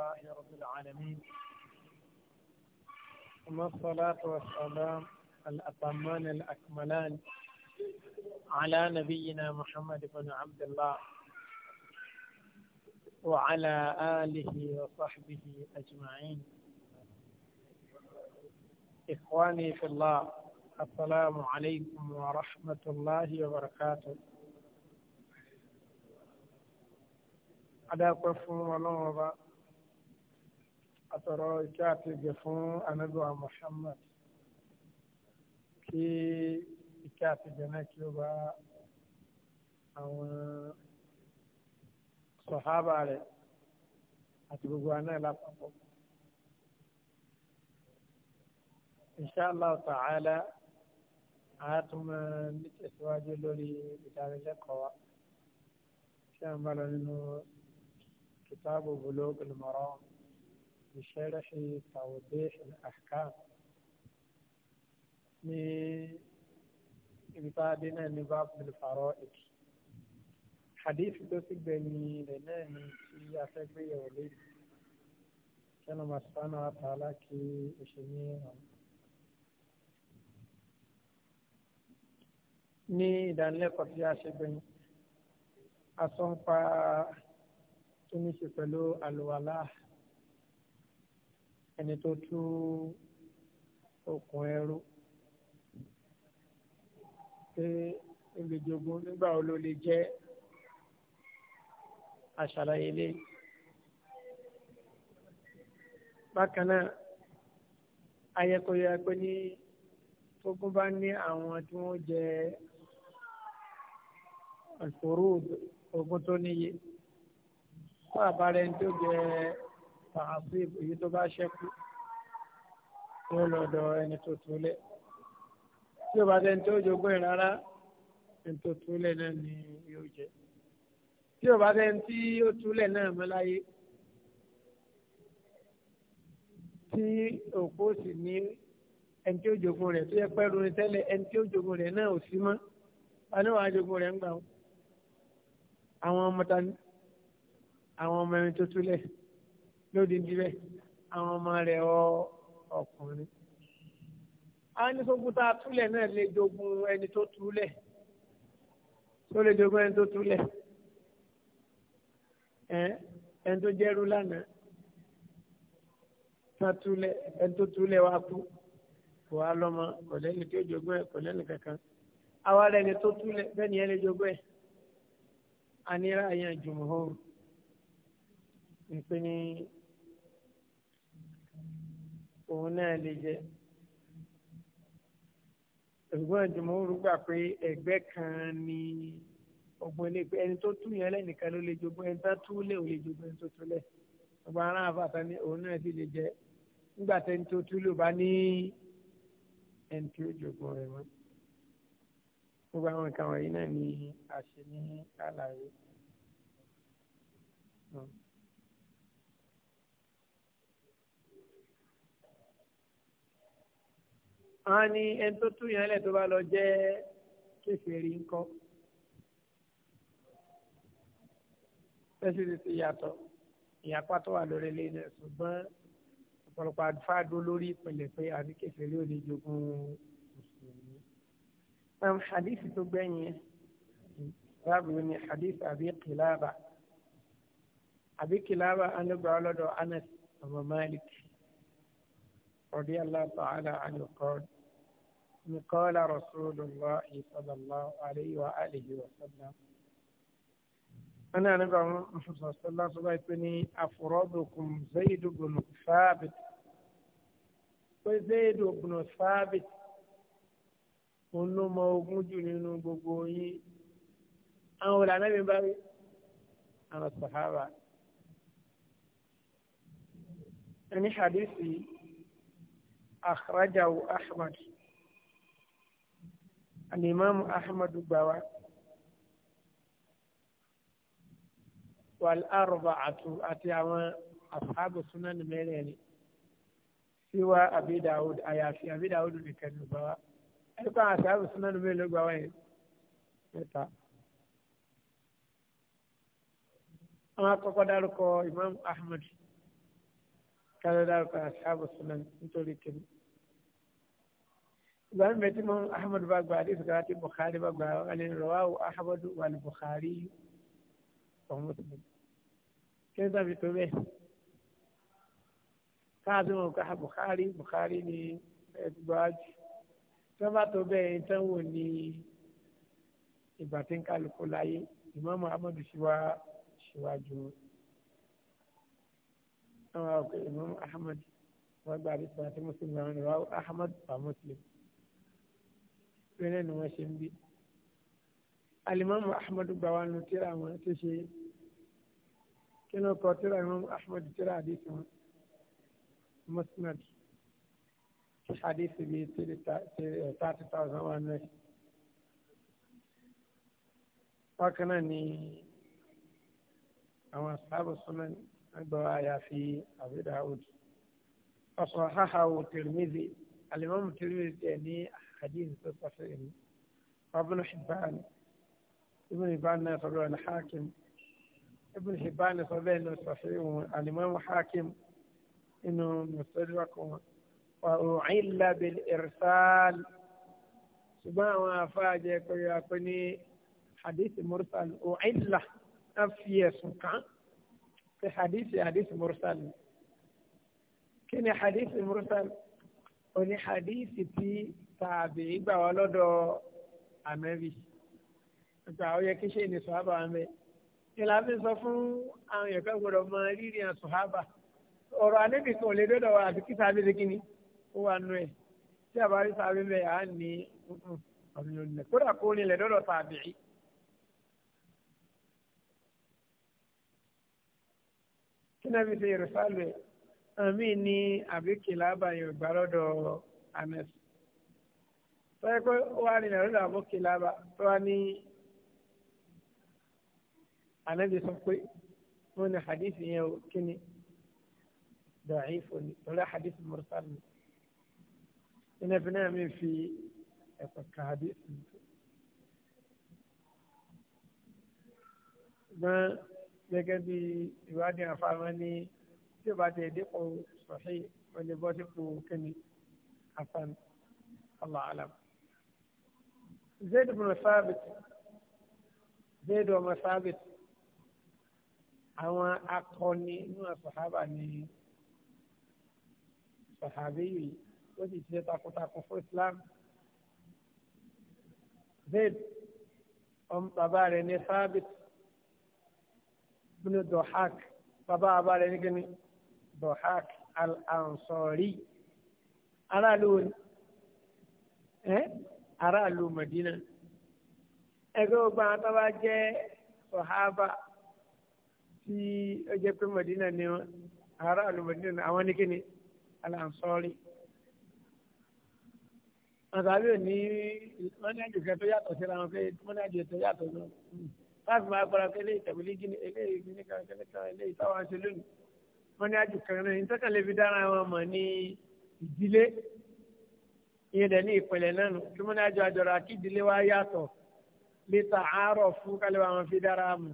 لله رب العالمين ثم الصلاة والسلام الأطمان الأكملان على نبينا محمد بن عبد الله وعلى آله وصحبه أجمعين إخواني في الله السلام عليكم ورحمة الله وبركاته على الله وبركاته àtọ̀rọ̀ ìkẹ́ àti ìgẹ̀ fún anábíwá Muhammad kí ìkẹ́ àti ìgẹ̀ náà kí ó bá àwọn sọ̀hábà rẹ̀ àti gbogbo aná lápapọ̀. Inshallah ta'ala a tún máa ní tẹ̀síwájú lórí ìdánilẹ́kọ̀ọ́ wa tí a ń bá lọ nínú kitabu Bulugh al-Maram. بشرح توضيح الأحكام لكتابنا نباب الفرائض حديث دوسك بني لنا من في أفكر يوليد كان مسانا وتعالى كي أشمي ní ìdánilẹ́kọ̀ọ́ tí a ṣe gbẹ̀yìn asọ́npa tó ní ṣe pẹ̀lú àlùwàlá ẹni tó tú okùn ẹrú pé olùjogún nígbà wo ló lè jẹ́ àṣàlàyé lé bákan náà ayẹkọyọ pé ní tógún bá ní àwọn tí wọ́n jẹ àṣòro ogún tó níye fún àbárẹ tó jẹ tààsíb èyí tó bá ṣẹ́kù yóò lọ́dọ̀ ẹni tó túlẹ̀ tí o bá tẹ́ ní tó jogún ẹ̀ rárá ẹni tó túlẹ̀ náà ni yóò jẹ tí o bá tẹ́ ní tí ó túlẹ̀ náà mọ́ láyé tí òkú sì ní ẹni tí ó jogún rẹ̀ tó yẹ pẹ́rù ní tẹ́lẹ̀ ẹni tí ó jogún rẹ̀ náà ò sí mọ́ aníwàá jogún rẹ̀ ń gbà wọn àwọn ọmọ tani àwọn ọmọ ẹni tó túlẹ̀ lóde bíbẹ̀ àwọn ọmọ rẹ̀ ọkùnrin. a ní sógun tá a túlẹ̀ náà lè jogun ẹni tó túlẹ̀ tó lè jogun ẹni tó túlẹ̀ ẹni tó jẹ́rú lánàá tá a túlẹ̀ ẹni tó túlẹ̀ wá kú kò wá lọ́mọ kò lẹ́ni tó jogun ẹ̀ kò lẹ́ni kankan àwa rẹ̀ ni tó túlẹ̀ bẹ́ẹ̀ ni ẹ lè jogun ẹ̀ anira yẹn jùmọ̀ hó ìpínlẹ̀ òun náà lè jẹ ṣùgbọ́n ìdìmọ̀rú gbà pé ẹgbẹ́ kan ni ọgbọ́n ilé pé ẹni tó tún yẹn lẹ́nìkan ló lè jogún ẹni tó tún lẹ̀ ò jogún ẹni tó tún lẹ̀ ọgbà ara àfàtà ni òun náà sì lè jẹ nígbà tẹni tó tún lò bá ní ẹni tí ó jogún rẹ̀ mọ́ gbogbo àwọn nǹkan wọ̀nyí náà ni àṣẹ ní àlàyé. Mm-hmm. wọn ní ẹni tó tú yẹn lẹ̀ tó bá lọ jẹ́ kèfèrí ńkọ́ fẹ́sìlì ti yàtọ̀ ìyapa tó wà lórí ilé náà ṣùgbọ́n ọ̀pọ̀lọpọ̀ àdúfáàdó lórí ìpìlẹ̀ pé àbí kèfèrí ò ní jogún mùsùlùmí. hadith tó gbẹ̀yìn báàbù ni hadith àbí kìláàbà àbí kìláàbà anúgbà ọlọ́dọ̀ Anas ọmọ Malik. رضي الله تعالى عنه قال قال رسول الله صلى الله عليه وآله وسلم أنا نبع محمد صلى الله عليه وسلم أفرادكم زيد بن ثابت وزيد بن ثابت ونما وجود لنبوي أو لا نبي بابي أنا الصحابة يعني حديثي akhrajahu ahmad alimami ahmad gbawa wal arba'atu àti àwọn ashabu sunan mẹ́rẹ̀ẹ̀rin siwa abi dawud àyàfi abi dawud nìkan ló gbawa ẹni pa àwọn ashabu sunan mẹ́rẹ̀ẹ̀rin ló gbawa yẹn mẹ́ta. àwọn akọ́kọ́ dárúkọ imam ahmad kálọ̀ dárúkọ àṣàbò sọ̀nà nítorí tèmi. ìgbà mi bẹ̀tí mọ́ ahmed bá gba àdéhùn kan àti bukhari bá gba àlè rọ̀wáwò ahmed wà ní bukhari ọ̀hún tó bẹ̀rẹ̀. kí ni tàbí tó bẹ́ẹ̀ káàdùn ọ̀gá bukhari bukhari ni ẹ̀dùgbọ́ájú tí wọ́n bá tó bẹ́ẹ̀ tán wò ní ìgbà tí ń kálukú láyé ìmọ̀ọ́mọ́ ahmed àwọn ọkọ imam ahmed wọn gba àdìsí àti muslim náà ní wàá ahmed pa muslim bẹ́ẹ̀ ni wọ́n ṣe ń bí alimami ahmed gba wa nu tíra wọn ti ṣe kí ni tíra imam ahmed tíra àdìsí wọn musnad hadisi bíi thirty thousand one hundred bákan náà ni àwọn asáàbù súnmọ́ ni agbọ́ àyàfi Abu Dawud ọ̀sán hahawo Tirmidhi alimami Tirmidhi tẹ̀ ní hadith tó sọ́fẹ́ ẹ̀mí Ibn Hibban Ibn Hibban náà sọ̀rọ̀ ní Hakim Ibn Hibban sọ bẹ́ẹ̀ ní sọ́fẹ́ wọn alimami Hakim inú Mustadrak wọn wà ó ìlà bil irsal ṣùgbọ́n àwọn afáàjẹ pé a pè ní mursal ó ìlà á fi ẹ̀sùn kàn في hadith hadith mursal kí حديث hadith mursal ó ní hadith tí أمي. gbà wá lọ́dọ̀ ànábì nípa ó yẹ kí ṣe ní sọ́hábà wa mẹ́ ìlà fi sọ fún àwọn èèyàn kan gbọdọ̀ mọ rírì àwọn sọ́hábà ọ̀rọ̀ ànábì kan ò lè dọ́dọ̀ wa àbí kí sábẹ́ ṣe ó wà nù ẹ̀ tí àbárí sábẹ́ mẹ́ à ń ní ọ̀bìnrin kódà kó nílẹ̀ dọ́dọ̀ tàbí sínábì ṣe ìrìsàlẹ̀ àmì ní àbíkìlá àbàyàn ìgbà lọ́dọ̀ anes sọ́yẹ́ pé ó wà nílẹ̀ lọ́dọ̀ àbókìlá àbá tó wà ní anabi sọ pé wọ́n ní hadithi yẹn o kíni dọ̀ọ́ìfò ni lọ́dọ̀ hadithi mursal ni ina fi náà mi fi ẹ̀kọ́ ka hadithi gbọ́n gẹ́gẹ́ bí ìwádìí àfáwọn ní tí ó bá tẹ̀ dípò sọ̀hí wọ́n lè bọ́ sípò kíni hasan allah alam. zayd bin sabit zayd ọmọ sabit àwọn akọni inú àsọ̀hábà ni sọ̀hábì yìí ó sì ṣe takuntakun fún islam. zayd bàbá rẹ̀ ní sabit bínú Dohak bàbá abalẹ̀ ní kíni Dohak al-Ansari aráàlú ẹ aráàlú Madina ẹgbẹ́ ogun àwọn tó bá jẹ́ sọ̀hábà tí ó jẹ́ pé Madina ni wọn aráàlú Madina àwọn ní kíni al-Ansari àtàlẹ́ òní mọ́nájú kẹtọ́ yàtọ̀ síra wọn pé mọ́nájú kẹtọ́ yàtọ̀ náà láti máa gbọ́ra pé eléyìí tẹ̀wélé gíní eléyìí gíní kan kẹ́lẹ́ kan eléyìí táwọn ṣe lónìí wọ́n ní àjò kan náà nítọ́kàn lè fi dára wọn mọ̀ ní ìdílé ìyẹn dẹ̀ ní ìpìlẹ̀ náà nù kí wọ́n ní àjọ àjọra kí ìdílé wa yàtọ̀ lẹ́tà àárọ̀ fún kálíwà wọn fi dára mu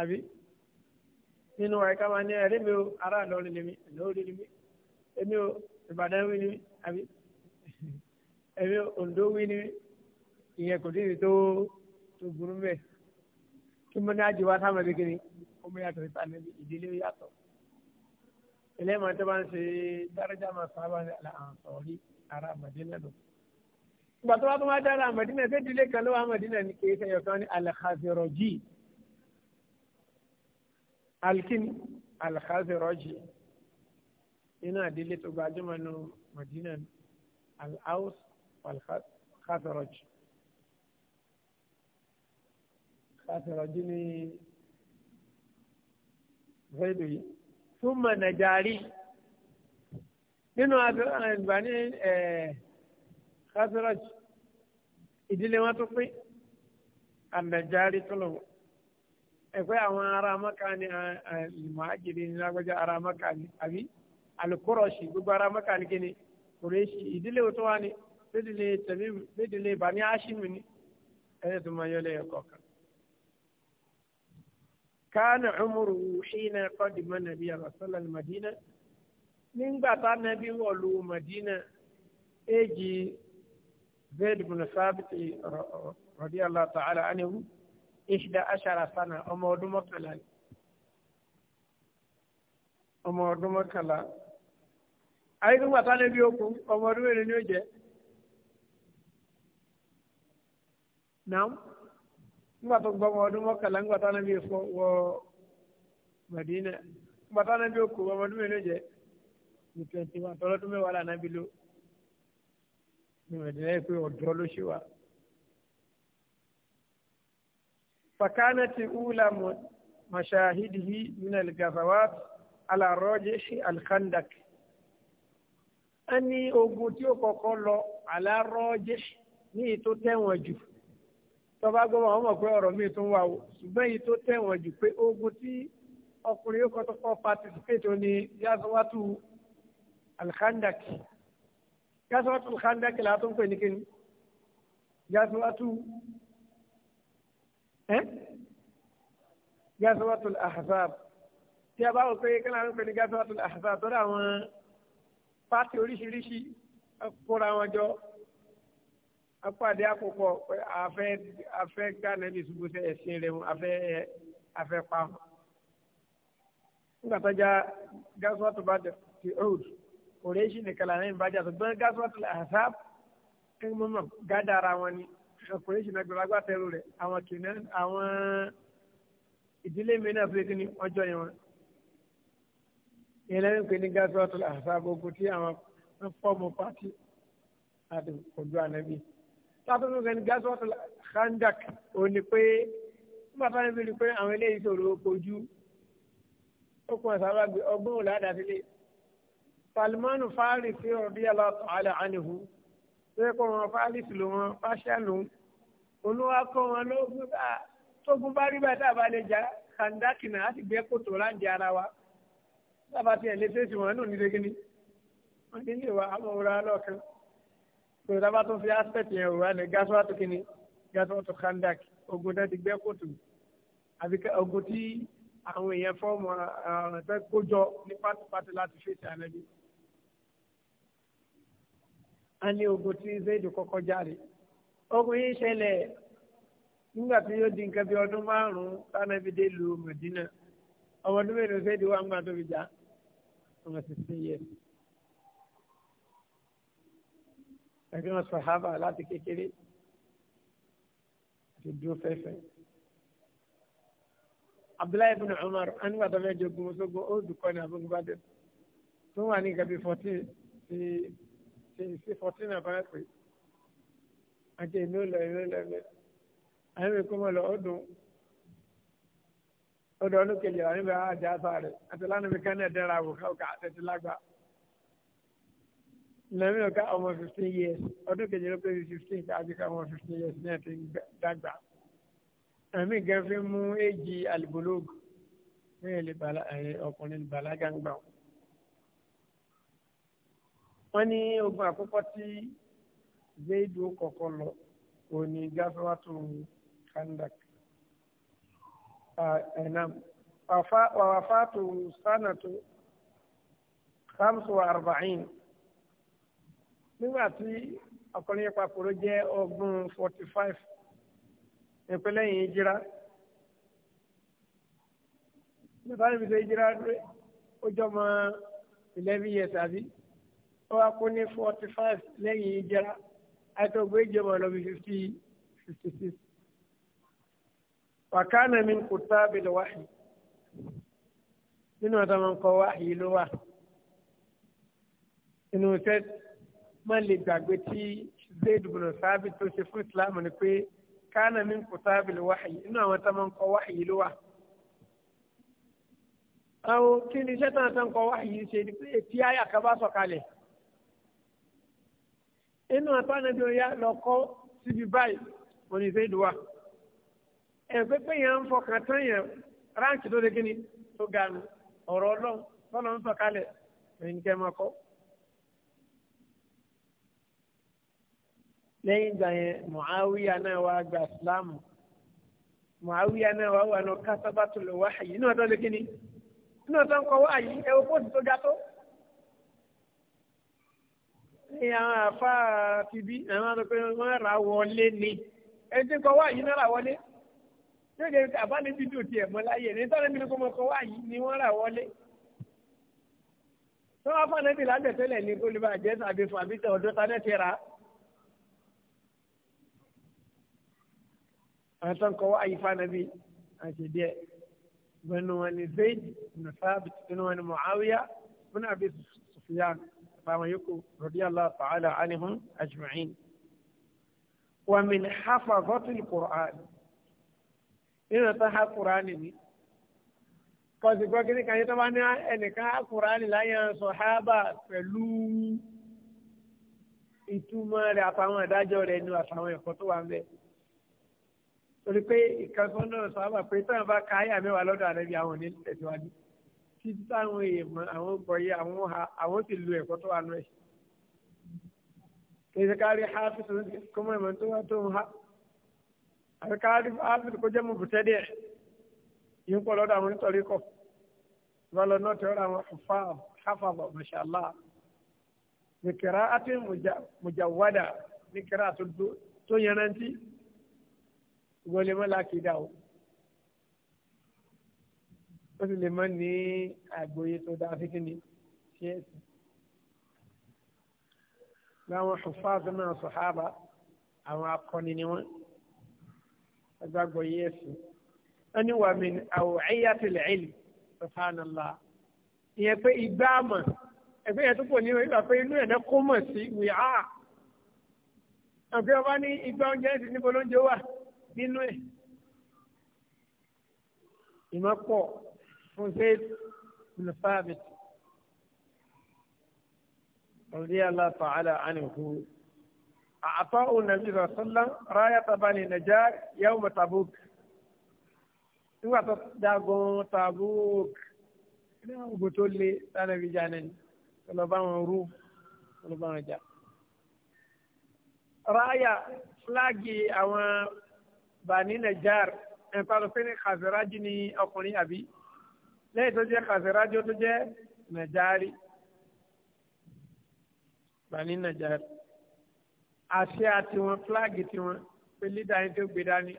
àbí nínú wa ká máa ní ẹ̀rí mi o ará lọ́rin lèmi lórí lèmi èmi o Ìbàdàn wí ni àbí èmi o Oǹdó wí ni ìyẹn kò tó burú bẹ́ẹ̀ kí mo ní àjò wa táwọn ẹbí kiri ó mú yàtọ̀ ìta níbi ìdílé yàtọ̀ ẹlẹ́mọ̀ tó bá ń ṣe dáradá máa sábà ní àǹsọ̀rí ara Màdínà lọ. ìgbà tó bá tó wá dára Màdínà ṣé ìdílé kan ló wà Màdínà ní kì ṣe yọ̀kan ní Al-Khazraji alikini Al-Khazraji iná ìdílé tó gbajúmọ̀ nù Màdínà Al-Aws Al-Khazraji. sàtìrọ̀jú eh, ní zaidu yìí súnmọ̀ nàjàrí nínú àgbà ní sàtìrọ̀jú ìdílé wọn tó pé ànàjàrí tó lọ ẹgbẹ́ àwọn ará mọ́ka ni ìmọ̀-ájìrí eh, ní lágbájá ará mọ́ka ni àbí alukóròṣì gbogbo ará mọ́ka ni kí ni kùrẹ́ṣì ìdílé tó wá ni lédìlé tẹ̀mí lédìlé bani áṣímù ni ẹ̀yẹ́ tó máa yọ kánà ọmọrò ṣìnà kọ́dìmọ́ nàbí àròsọ́lá màdínà nígbà tá nàbí wọ̀lú màdínà èjì zayd bin sábìt radiyallahu ta'ala anhu ihda ashara sana ọmọ ọdún mọ́kànlá ọmọ ọdún mọ́kànlá ayé nígbà tá nàbí okùn ọmọ ọdún mẹ́rin nígbà tó gbọmọ ọdún mọ́kànlá nígbà táwọn ẹbí fọ wọ Mẹdínà nígbà táwọn ẹbí kò ọmọ ọdún mélòó jẹ ní twenty one tọ́lọ́dún mẹ́wàá là nábì ló ní Mẹdínà yẹ pé ọ̀dọ́ ló ṣe wà. فكانت أولى مشاهده من الغزوات على الراجح الخندق أني أوغوتيو كوكولو على الراجح ní ètò tẹ̀wọ̀n jù tọba gbọmọ àwọn ọmọ pé ọ̀rọ̀ míì tó ń wà o ṣùgbọ́n èyí tó tẹ̀wọ̀n jù pé ogun tí ọkùnrin yóò kọ́tọ́ kọ́ patisipéètì ní yasawatu alkhandaki yasawatu alkhandaki la tó ń pè ní kíni yasawatu ẹ yasawatu alahzab tí a bá wọ pé kí láwọn ń pè ní yasawatu alahzab tó dá àwọn oríṣiríṣi kóra wọn jọ apàdé àkókò pé àfẹ́ àfẹ́ gánàbí ṣubú sẹ ẹ̀sìn rẹ̀ àfẹ́ àfẹ́ pa wọn. nígbà tó já gásùwàtò bá ti old kòrèṣì nìkan làwọn èèyàn bá jà tó gbọ́n gásùwàtò àṣàb kí wọ́n mọ̀ gádà ara wọn ni kòrèṣì náà gbọ́dọ̀ agbátẹrù rẹ̀ àwọn kìnnà àwọn ìdílé mi náà fi kí ni ọjọ́ yẹn wọn. ìyẹn lẹ́yìn pé ní gásùwàtò àṣàb ogun tí àwọn fọ́ọ̀mù pàtì àdùn ojú ànábì látọ̀ tó sẹ́ni gásọ́ọ̀tù khandak ò ní pé nígbà táwọn ẹbí rí pé àwọn eléyìí ṣòro kojú okùn àṣàrò àgbẹ̀ ọgbọ́n òlàdàsílẹ̀ Salmanu Farisi radiyallahu ta'ala anhu pé kó wọn Farisi ló wọn fáṣẹ́ lòun olúwa kọ́ wọn lóògùn bá ah, tógun bá rí báyìí tábà lè jà kàńdákì náà á sì gbé kòtò láǹdí ara wa tábà tiẹ̀ lé fèsì wọn nù ní dégínní wọn nílé wa àmọ́ òra lọ́ọ̀kan tòun tá a bá tún fi aspect yẹn wò wá ní gasuwa tó kíni gasuwa tó kandak ogun náà ti gbẹ kóòtù àbí ogun tí àwọn èèyàn fọ́ọ̀mù àwọn ẹ̀fẹ́ kójọ ní pátápátá láti fèsì ànábi. a ní ogun tí zaidu kọ́kọ́ jáde ogun yìí ṣẹlẹ̀ nígbà tí yóò di nǹkan bí ọdún márùn-ún tánàbí dé lu Mẹdínà ọmọ ọdún mélòó wà ń gbà tóbi já ọmọ sísè yẹn. ẹgbẹ́ wọn sàhábà láti kékeré àti dúró fẹ́fẹ́. Abdullahi ibn Umar anigba tó fẹ́ jogun Òṣogbo ó dùkọ́ ní abúgbàdé tó wà ní gàbí fourteen sí sí fourteen àbáyé pé àti ìlú lọ ìlú lọ ẹgbẹ́ àwọn èkó mọ̀ lọ ó dùn ó dùn ọdún kejì àwọn ìbá àjà àfa rẹ̀ àti lánàá mi kánẹ̀ dẹ́ra àwòká òkà àtẹ̀tẹ̀ lágbàá lẹ́mí ọ̀ká ọmọ fifteen years ọdún kejì ló pé ní fifteen àti ká ọmọ fifteen years náà ti ń dàgbà ẹ̀mí gan fi mú èjì alìbólógù ní ilé ọkùnrin bàlágà ń gbà wọn. wọ́n ní ogun àkọ́kọ́ tí zaidu kọ̀kọ́ lọ kò ní gáfíwátò kandak ẹ̀nàm wàwàfàtò sánàtò khamsu wa arba'in nígbà tí ọkùnrin yẹn papòrò jẹ́ ọdún forty five ìpínlẹ̀ yìí ìjìrá bàbá mi fi ṣe ìjìrá ó jọmọ eleven years àbí ó wá kó ní forty five lẹ́yìn ìjìrá àti ògbó ìjọba ọlọ́bí fifty fifty six wàkánà mi kò tábìlì wáhì nínú ọ̀tọ̀ mọ̀ nǹkan wáhì ló wà inú tẹ́tí má lè gbàgbé tí Zayd ibn Sabit tó ṣe fún ìsìláàmù ni pé kana min kutabil wahyi inú àwọn tá máa ń kọ wahyi ló wà. àwọn kí ni iṣẹ́ tán tán kọ wahyi ṣe ni pé tí àyà kan bá sọ̀ kalẹ̀. inú àtànàbí ọ̀yá lọ kọ́ síbi báyìí wọ́n ní Zayd wà. ẹ̀fẹ́ pé yẹn ń fọkàn tán yẹn ráǹkì tó dé kí ni tó ga nù ọ̀rọ̀ ọlọ́run tọ́lọ́ ń sọ̀ kalẹ̀ ẹ̀yin kẹ́ máa kọ́. lẹ́yìn ìgbà yẹn muawiya náà wá gba islam muawiya náà wá wà ní kásábàtò lè wá àyè inú ọ̀tọ̀ lè kíni inú ọ̀tọ̀ ń kọ wá àyè ẹ̀wọ̀ fóòtù tó ga tó. ní àwọn àfa ti bí àwọn àdókòwò wọn rà wọlé ni ẹni tí ń kọ wá àyè náà rà wọlé yóò jẹ́ àbáni fídíò tiẹ̀ mọ́ láyé ní sáré mi ni kò mọ̀ kọ́ wá yìí ni wọ́n rà wọlé. tí wọ́n fọ́n nẹ́bí lábẹ́tẹ́lẹ̀ ní kó jẹ́ tàbí أنا كوا أي فانا بي اي شدي بنو أنا زيد بن ثابت بنو أنا معاوية بن أبي سفيان فما يكو رضي الله تعالى عنهم أجمعين ومن حفظة القرآن إن تها القرآن لي قد يقول كني كان يتبعنا أن كها القرآن لا ينصحابا فلو ituma rẹ àtàwọn ìdájọ rẹ nu àtàwọn ẹkọ tó wà ń bẹ torí pé ìkankan náà sábà pé táwọn bá ka àyà mẹ́wàá lọ́dọ̀ àrẹ́bí àwọn òní tẹ̀síwájú títí táwọn èèmọ̀ àwọn gbọ̀yé àwọn ha àwọn sì lu ẹ̀kọ́ tó wà nù ẹ̀. kèsì kárí hafiz kó mọ̀ ẹ̀mọ́ tó wà tó ń ha àti kárí hafiz kó jẹ́ mọ̀ bùtẹ́ díẹ̀ yìí ń pọ̀ lọ́dọ̀ àwọn nítorí kọ̀ wọ́n lọ náà tẹ́wọ́n àwọn hafàbọ̀ mọ̀ṣálá nìkẹ́rà àti mùjàwádà nìkẹ́rà tó yẹn rántí ṣùgbọ́n lè mọ́ lákìdá o ó sì lè mọ́ ní àgbóyé tó dáa sí kíni sí ẹ̀sìn. láwọn ṣùfáàtì náà sọ̀hábà àwọn akọni ni wọ́n agbágbọ́ yé ẹ̀sìn. wọ́n ní wà mí aw'iyatil ilm subhanallah ìyẹn pé ìgbà àmọ̀ ẹgbẹ́ yẹn tó pọ̀ ní ìgbà pé inú ẹ̀dá kó mọ̀ sí wíhá. àgbẹ̀ ọba ní ìgbà oúnjẹ ti níbo lóúnjẹ wà nínú ẹ̀ ìmọ̀pọ̀ fún zayd bin thabit radiyallahu ta'ala anhu àtọ́ ònàbí rọ̀sọ́lá ráyà tàbá ní nàjà yawma tabuk nígbà tó dágun tabuk ní àwọn ògbó tó lé tánàbí jáde ní ọlọ́bá wọn rú ọlọ́bá wọn já ráyà fúláàgì àwọn bani najar ẹ̀ńpàlọ́ pé ní kàzẹ́rájì ni ọkùnrin àbí lẹ́yìn tó jẹ́ kàzẹ́rájì ó tó jẹ́ najari bani najar àṣẹ àti wọn fúláàgì tiwọn pé lídà yín tó gbé dání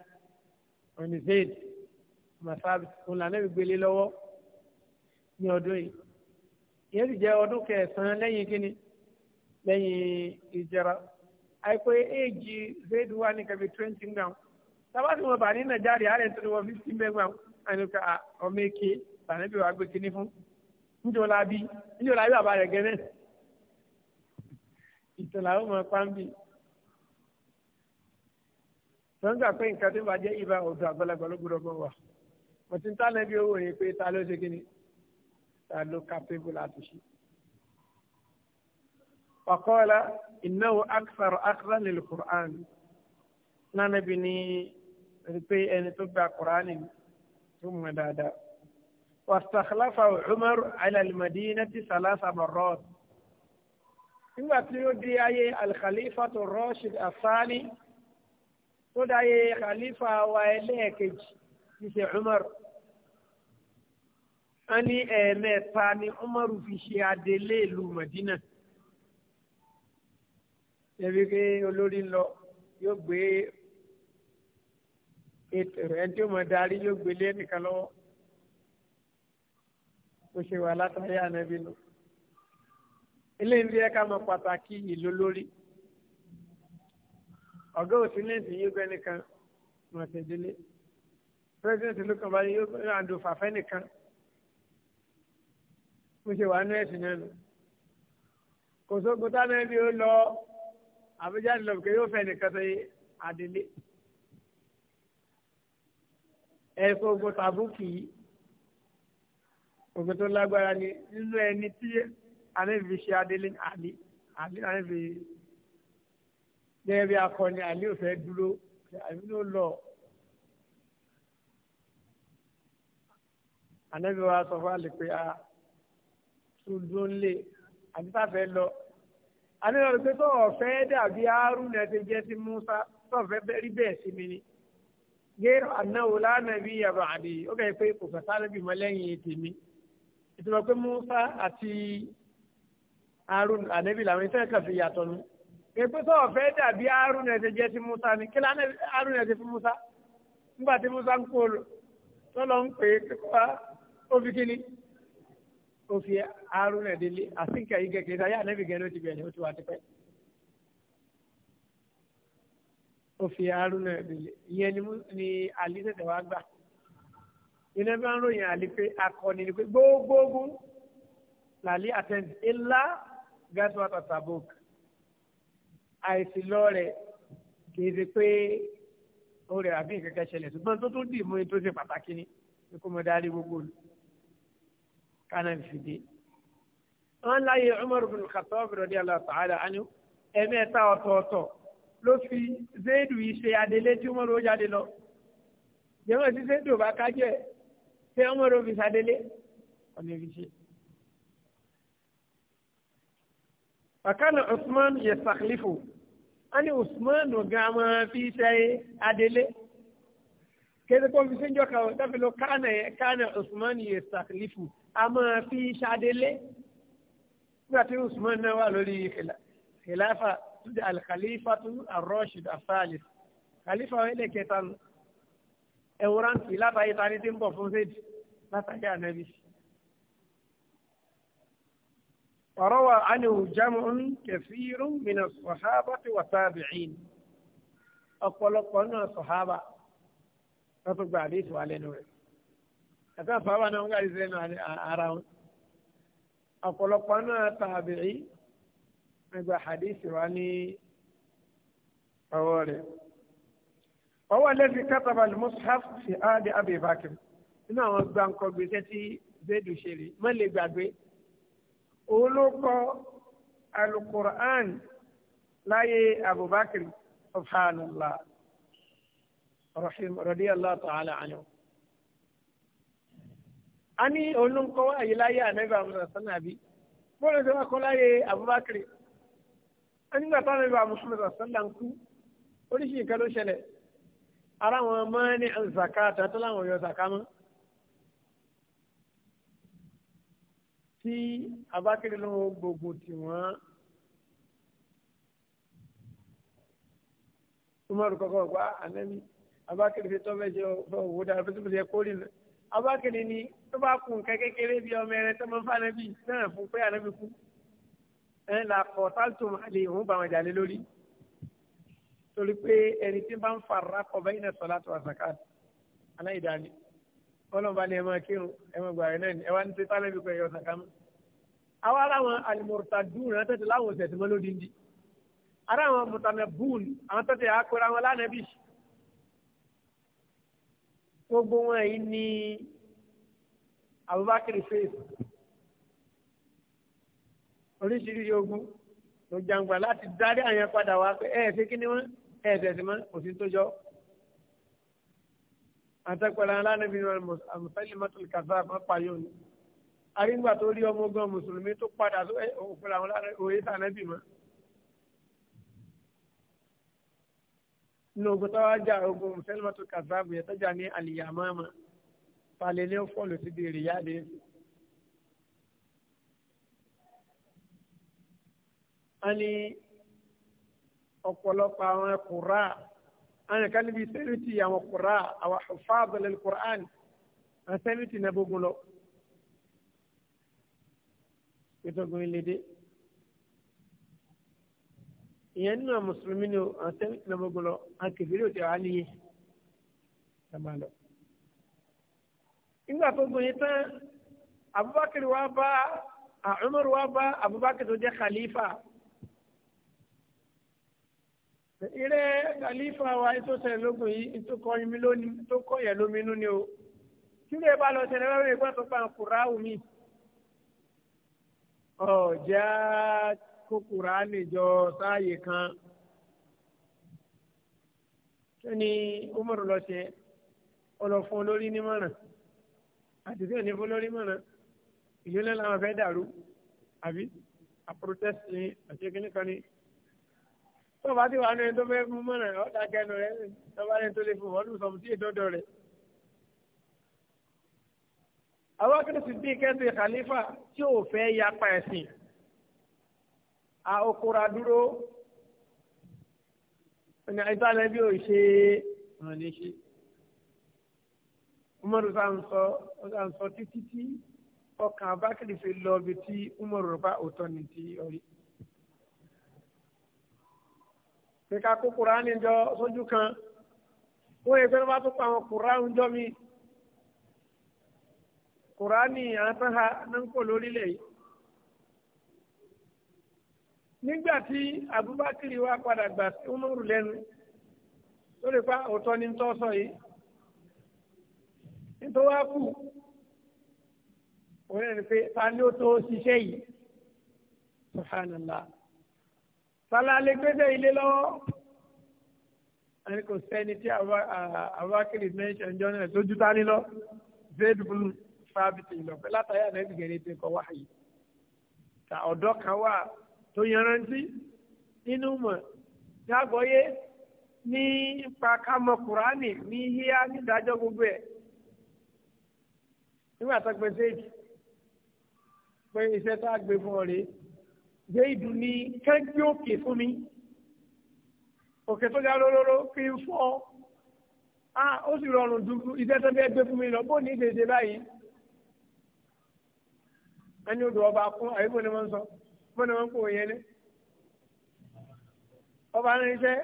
òní zayd masabi òun làná fi gbélé lọ́wọ́ ní ọdún yìí ìyẹn sì jẹ́ ọdún kẹsàn-án lẹ́yìn kínní lẹ́yìn ìjẹra àìpé éèjì zayd wà ní kẹbi twenty gram sábàtì wọn bàní náà jáde àárẹ̀ tó wọn fífi mẹ́gbà àyànká ọmọ èké bàní wàá gbé kinní fún níjọba bí bàbá rẹ̀ gẹ́nẹ́ ìtàlá máa pa sọ́ńgà pé nǹkan tó bá jẹ́ ìbá ọ̀dọ̀ àgbàlagbà ló gbọ́dọ̀ mọ̀ wá mo ti ń tálẹ̀ bí owó yẹn pé ta ló ṣe kí ta ló kápébù láti ṣe. wàkọ́ọ́lá ìnáwó akthar akhdan lil Qur'an nánàbí ni rí pé ẹni tó gba kuraani tó mọ̀ dáadáa. wàsàkàlàfà umar alalimadi nati salasa marot nígbà tí ó di ayé alikalifa tó rọ́ṣid asaani tó di ayé khalifa wa ẹlẹ́ẹ̀kejì ti ṣe umar a ní ẹ̀ẹ̀mẹ́ta ni umaru fi ṣe adelé ìlú madina ẹbí pé olórí lọ yóò gbé ètò rẹ̀ tí ó mọ̀ darí yóò gbélé ẹnìkan lọ́wọ́ bó ṣe wà látàrí ànábì nù. eléyìí ti yẹ ká mọ̀ pàtàkì ìlú lórí ọ̀gá òsì lẹ́ǹtì yóò gbé nìkan mọ̀ tẹ̀délé pírẹsidẹ́ǹtì ló kàn báyìí yóò àǹdò fàfẹ́ nìkan bó ṣe wà nú ẹ̀sìn náà nù. kò sóko táwọn ẹbí ó lọ àbújáde lọ yóò fẹ́ nìkan tó yẹ àdélé ẹ̀fọ́ ogun tàbúkì yìí ogun tó lágbára ni nínú ẹni tí anábì ṣe adélé àlí àlí anábì gẹ́gẹ́ bí akọni àlí ò fẹ́ dúró àbí ló lọ. anábì wa sọ fún àlè pé a tún dún lé àbí tá a fẹ́ lọ anábì wa sọ pé tó ọ̀fẹ́ dàbí arúnà ti jẹ́ sí Musa tó ọ̀fẹ́ rí bẹ́ẹ̀ sí mi ni gẹ́rọ anáwó lánàbí yàrá àdé ó bẹ̀rẹ̀ pé kò fẹ́ sálẹ́bì mọ́ lẹ́yìn tèmi ìtumọ̀ pé Musa àti Arun ànábì làwọn iṣẹ́ kan fi yàtọ̀ nu èpè sọ̀rọ̀ fẹ́ dàbí Harun ẹ̀sẹ̀ jẹ́ ti Musa ni kí lánàbí Harun ẹ̀sẹ̀ fi Musa nígbà tí Musa ń kó lọ tó lọ ń pè é wá ó fi kíni ó fi Harun ẹ̀dẹ́lé àsìkò ayíkẹ́kẹ́ sáyà ànábì gẹ́gẹ́ ti bẹ̀rẹ̀ ó ti wà tipẹ́. ó fi haruna ìyẹn ni ali tètè wá gbà iná bá ń ròyìn ali pé akọni ni pé gbogbogbò làlí àtẹ̀ǹtì ńlá gàtúwà tàtàbùk àìsí lọ́ọ̀rẹ̀ kìí ṣe pé ó rẹ̀ àbí ìkẹ́kẹ́ ṣẹlẹ̀ ṣùgbọ́n tó tún dì mú ètò ṣe pàtàkì ni kó mo darí gbogbo olù kánà fìdí. wọ́n láyé Umar bin Khattab radiyallahu ta'ala anhu ẹ̀mẹ́ta ọ̀tọ̀ọ̀tọ̀ ló fi zéèdù yìí ṣe adelé tí umaru ó jáde lọ jẹ́wọ́n sí zéèdù ò bá kájọ ẹ̀ ṣé umaru ó fi ṣadelé ọ̀nà ìfi ṣe. bàkánà usman yẹ a ní usman gan máa fi ṣe adelé kéde kó fi ṣe ń jọ kàwé tábìlì kánà yẹ kánà usman yẹ sàkìlìfò a máa fi ṣadelé nígbà tí usman náà wà lórí khilafa tún jẹ́ alikalifatu arọ́ṣid asalis kalifa ilẹ̀ kẹta ẹ̀wúrántì látàyè tani tí ń bọ̀ fún sédì látàyè ànábì. وروى عنه جمع كثير من الصحابة والتابعين أقول قلنا الصحابة فتبع حديث علينا أتى صحابة نوم قال زين على أراون أقول قلنا التابعين nígbà hadith wa ní ọwọ́ rẹ̀. ọwọ́ lẹ́bi kátàbà al-mushaf fi áàdì Abi Bakr nínú àwọn gbàǹkọ́ gbèsè tí zaidu ṣe rí má lè gbàgbé òun ló kọ alukur'an láyé abubakar subhanallah rahim radiyallahu ta'ala anhu a ní olùkọ́ ayé láyé ànábì sanabi bọ́lá ṣe wá láyé abubakar nígbà táwọn ẹgbẹ́ Muhammad sọ́lá ń kú oríṣìí nǹkan ló ṣẹlẹ̀ ara wọn máa ní zaka tàtà láwọn yọ zaka mọ́ tí abákẹ́lẹ́ ló gbogbo tí wọ́n umaru kọ́kọ́ gba anẹ́mi abákẹ́lẹ́ fi tọ́fẹ́ jẹ́ owó dára fẹ́ tó yẹ kó rí lọ ni tó bá kún kẹ́kẹ́kẹ́rẹ́ ọmọ ẹ̀rẹ́ tó máa ń náà fún pé anẹ́bí kú ẹ̀ la kọ́ tálítùm àlè òun bá wọn jàlé lórí torí pé ẹni tí bá ń fara kọ bẹ́yìn náà sọlá tó àṣàkà aláìdáni ọlọ́mọba ni ẹ máa kírun ẹ máa gbàgbé náà ni ẹ wá ní tẹ́tà lẹ́bi pé ẹ yọ sàkà mọ́. àwa ara àwọn alimọ̀tàdùn náà tẹ̀sí láwọn ọ̀sẹ̀ tí wọ́n ló dín dín ara àwọn àwọn tẹ̀sí àkọ́rẹ́ àwọn lánàbí. gbogbo wọn yìí ní Abubakar fèsì oríṣiríṣi ogun ló jàǹgbà láti darí àyàn padà wá pé ẹ ṣe kíni wọn ẹ tẹsí mọ kò sí tó jọ. àtẹ̀pẹ̀lẹ̀ alánàbí wọn àmùsálìmọ́tò kàfà máa payọ́ ni. arígbà tó rí ọmọ ogun mùsùlùmí tó padà tó òpin àwọn òye sànẹ́bì mọ́. nínú ogun tó wá jà ogun àmùsálìmọ́tò kàfà bùyẹ̀ tó jà ní àlìyàmọ́ àmọ́ falẹ̀ ní ó fọ́ọ̀lù síbi ìrìyá àdéhùn. ani ní àwọn kura àwọn kan níbi sẹ́rìtì àwọn kura àwọn fáàbẹ̀lẹ̀ kùrán àwọn sẹ́rìtì náà gbógun lọ. ìtọ́gun ilédè ìyẹn nínú àwọn mùsùlùmí ni àwọn sẹ́rìtì náà gbógun lọ àwọn kẹfìrí òtí àwọn àlìyé ẹ̀ lọ. nígbà tó gbóyin tán Abubakar wa bá Umar wa bá Abubakar tó jẹ́ khalifa ìrẹ́ kàlífà wa tó ṣẹlẹ̀ lógun yìí tó kọ́ yẹn lómi tó kọ́ yẹn lómi nú ni o tílé bá lọ ṣẹlẹ̀ wẹ́wẹ́ ìgbà tó pa nkùrá omi ọ̀já kókùrá nìjọ sáàyè kan tó ní Umaru lọ ṣe ọlọ́fún olórí nímọ̀ràn àti tí ò ní fún olórí mọ̀ràn ìlú náà làwọn fẹ́ dàrú àbí àprotest ní àti kíníkan ní tó bá ti wà ní ẹni tó fẹ́ mú mọ́ràn ọ́ dákẹ́nu rẹ̀ tó bá ní tó lè fún ọdún sọ̀mù sí ìdọ́dọ̀ rẹ̀. àwọn kìrìsì bíi kẹ́sì khalifa tí ò fẹ́ yapa ẹ̀sìn a okura dúró ní àìsàn bí ò ṣe ràn ní ṣe. umaru sá ń sọ sá ń sọ títí tí ọkàn abákìrì lọ ibi tí umaru rọpa òtọ́ ni ti ọ̀rí. kíka kó kuraani jọ sójú kan wọ́n yẹ pé wọ́n bá tó pa àwọn kuraani jọ mi kuraani àtàhà náà ń kó lórílẹ̀ yìí. nígbà tí Abubakar wá padà gbà sí Umaru lẹ́nu lórí pa òótọ́ ní tọ́ yìí nítorí wá kù òun yẹn ni pé ta ni ó tó ṣiṣẹ́ yìí subhanallah sálá lè gbẹ́sẹ̀ ilé lọ́wọ́ ẹni kò sẹ́ni tí abakiri mẹ́ṣẹ̀ jọ náà tójú tání lọ zayd bin sábìtì ìlọ́pẹ́ látàrí ànábì gẹ̀rẹ́ tẹ kọ́ wáyé ta ọ̀dọ́ kan wà tó yanrantí nínú mọ̀ ní àgbọ́yé nípa kámọ kùránì ní híyá nídàájọ́ gbogbo ẹ̀ nígbà tó pẹ́ pé iṣẹ́ tá a gbé fún ọ rèé. Zéìdù ni kẹ́gbẹ́ òkè fún mi òkè tó ga lóróró kí n fọ́ ó sì rọrùn dúdú iṣẹ́ tó fẹ́ gbé fún mi lọ bó ní dèdè báyìí ẹni odò ọba kún àyíkò ni wọ́n ń sọ bó ni wọ́n ń pò yẹn ní ọba ní iṣẹ́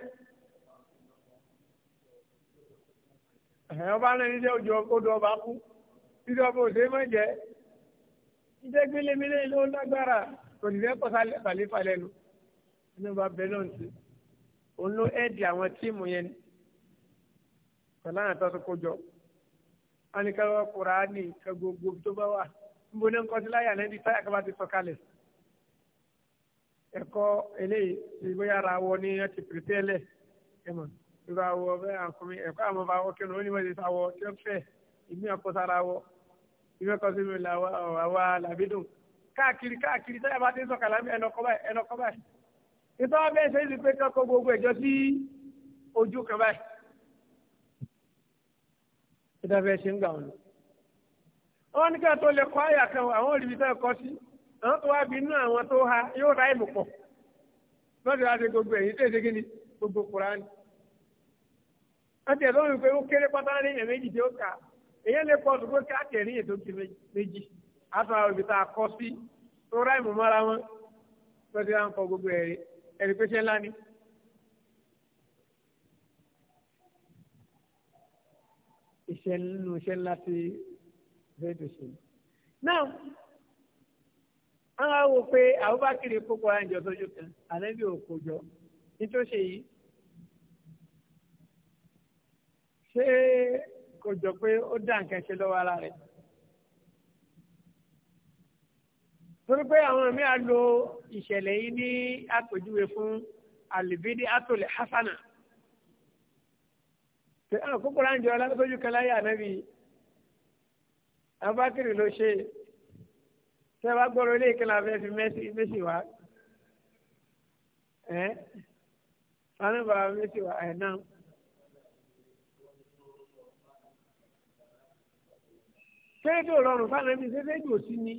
ọba ní iṣẹ́ odò ọba kún iṣẹ́ ọba òṣèré mọ̀ jẹ́ iṣẹ́ gbélémílé ló lágbára kò ní fẹ́ kọ́ sàlífà lẹ́nu inú bá bẹ náà sí òun ló ẹ̀dì àwọn tíìmù yẹn pẹ̀lú àwọn àtọ́sọ kó jọ wọn ni ká wọ́n Kùránì ká gbogbo tó bá wà níbo ní nǹkan tí láyà náà di táyà kábàá ti sọ kalẹ̀ ẹ̀kọ́ eléyìí ìgbéyà ara wọ ní ẹ ti pèsè ẹlẹ̀ ẹ̀mọ̀ ìgbà wọ bẹ́ẹ̀ àkùnrin ẹ̀kọ́ àwọn ọba wọ́kẹ́ ní onímọ̀ ìdíta wọ tí fẹ́ ìmí ọkọ̀ sára wọ ìmí sí mi làwọ̀ àwa làbídùn káàkiri káàkiri sẹ́yà bá ti ń sọ̀kàlà ẹnọkọ́ báyìí ẹnọkọ́ báyìí ìtọ́ bẹ́ẹ̀ ṣe é pé kọ́kọ́ gbogbo ẹ̀jọ́ sí ojú kan báyìí ìtọ́ bẹ́ẹ̀ ṣe ń gbà wọn wọ́n ní ká tó lè kọ́ àyà kan àwọn tó kọ́ sí àwọn tó wá bí inú àwọn tó ha yóò ra pọ̀ lọ́sẹ̀ wá gbogbo ẹ̀yìn tó ṣe kí ni gbogbo pé ó kéré pátá àtúnwá òbí tá a kọ́ sí tó ráìmù mọ́ra wọn tó ti ráńkọ gbogbo ẹ̀rí ẹ̀rí pé ṣe ńlá ni. iṣẹ́ nínú iṣẹ́ ńlá ti fẹ́ẹ́ ṣe. náà wọ́n á wò pé àbúbákiri kókó àjọ tójú kan àlẹ́bí ò kó jọ nítòsí yìí. ṣé kò jọ pé ó dá nǹkan ṣe lọ́wọ́ ara rẹ̀? torí pé àwọn ẹ̀mí á lo ìṣẹ̀lẹ̀ yìí ní àpèjúwe fún àlìbídí àtòlẹ̀ hasana àwọn kókòrò àǹjọ alágbèjú kan láyé ànábì abákiri ló ṣe tẹ bá gbọ́dọ̀ ilé ìkẹlẹ abẹ fi mẹsì wá ẹ sanu bàbá mẹsì wá ẹ náà. kéré tó rọrùn fáwọn ẹbí ṣẹṣẹ jù sí ni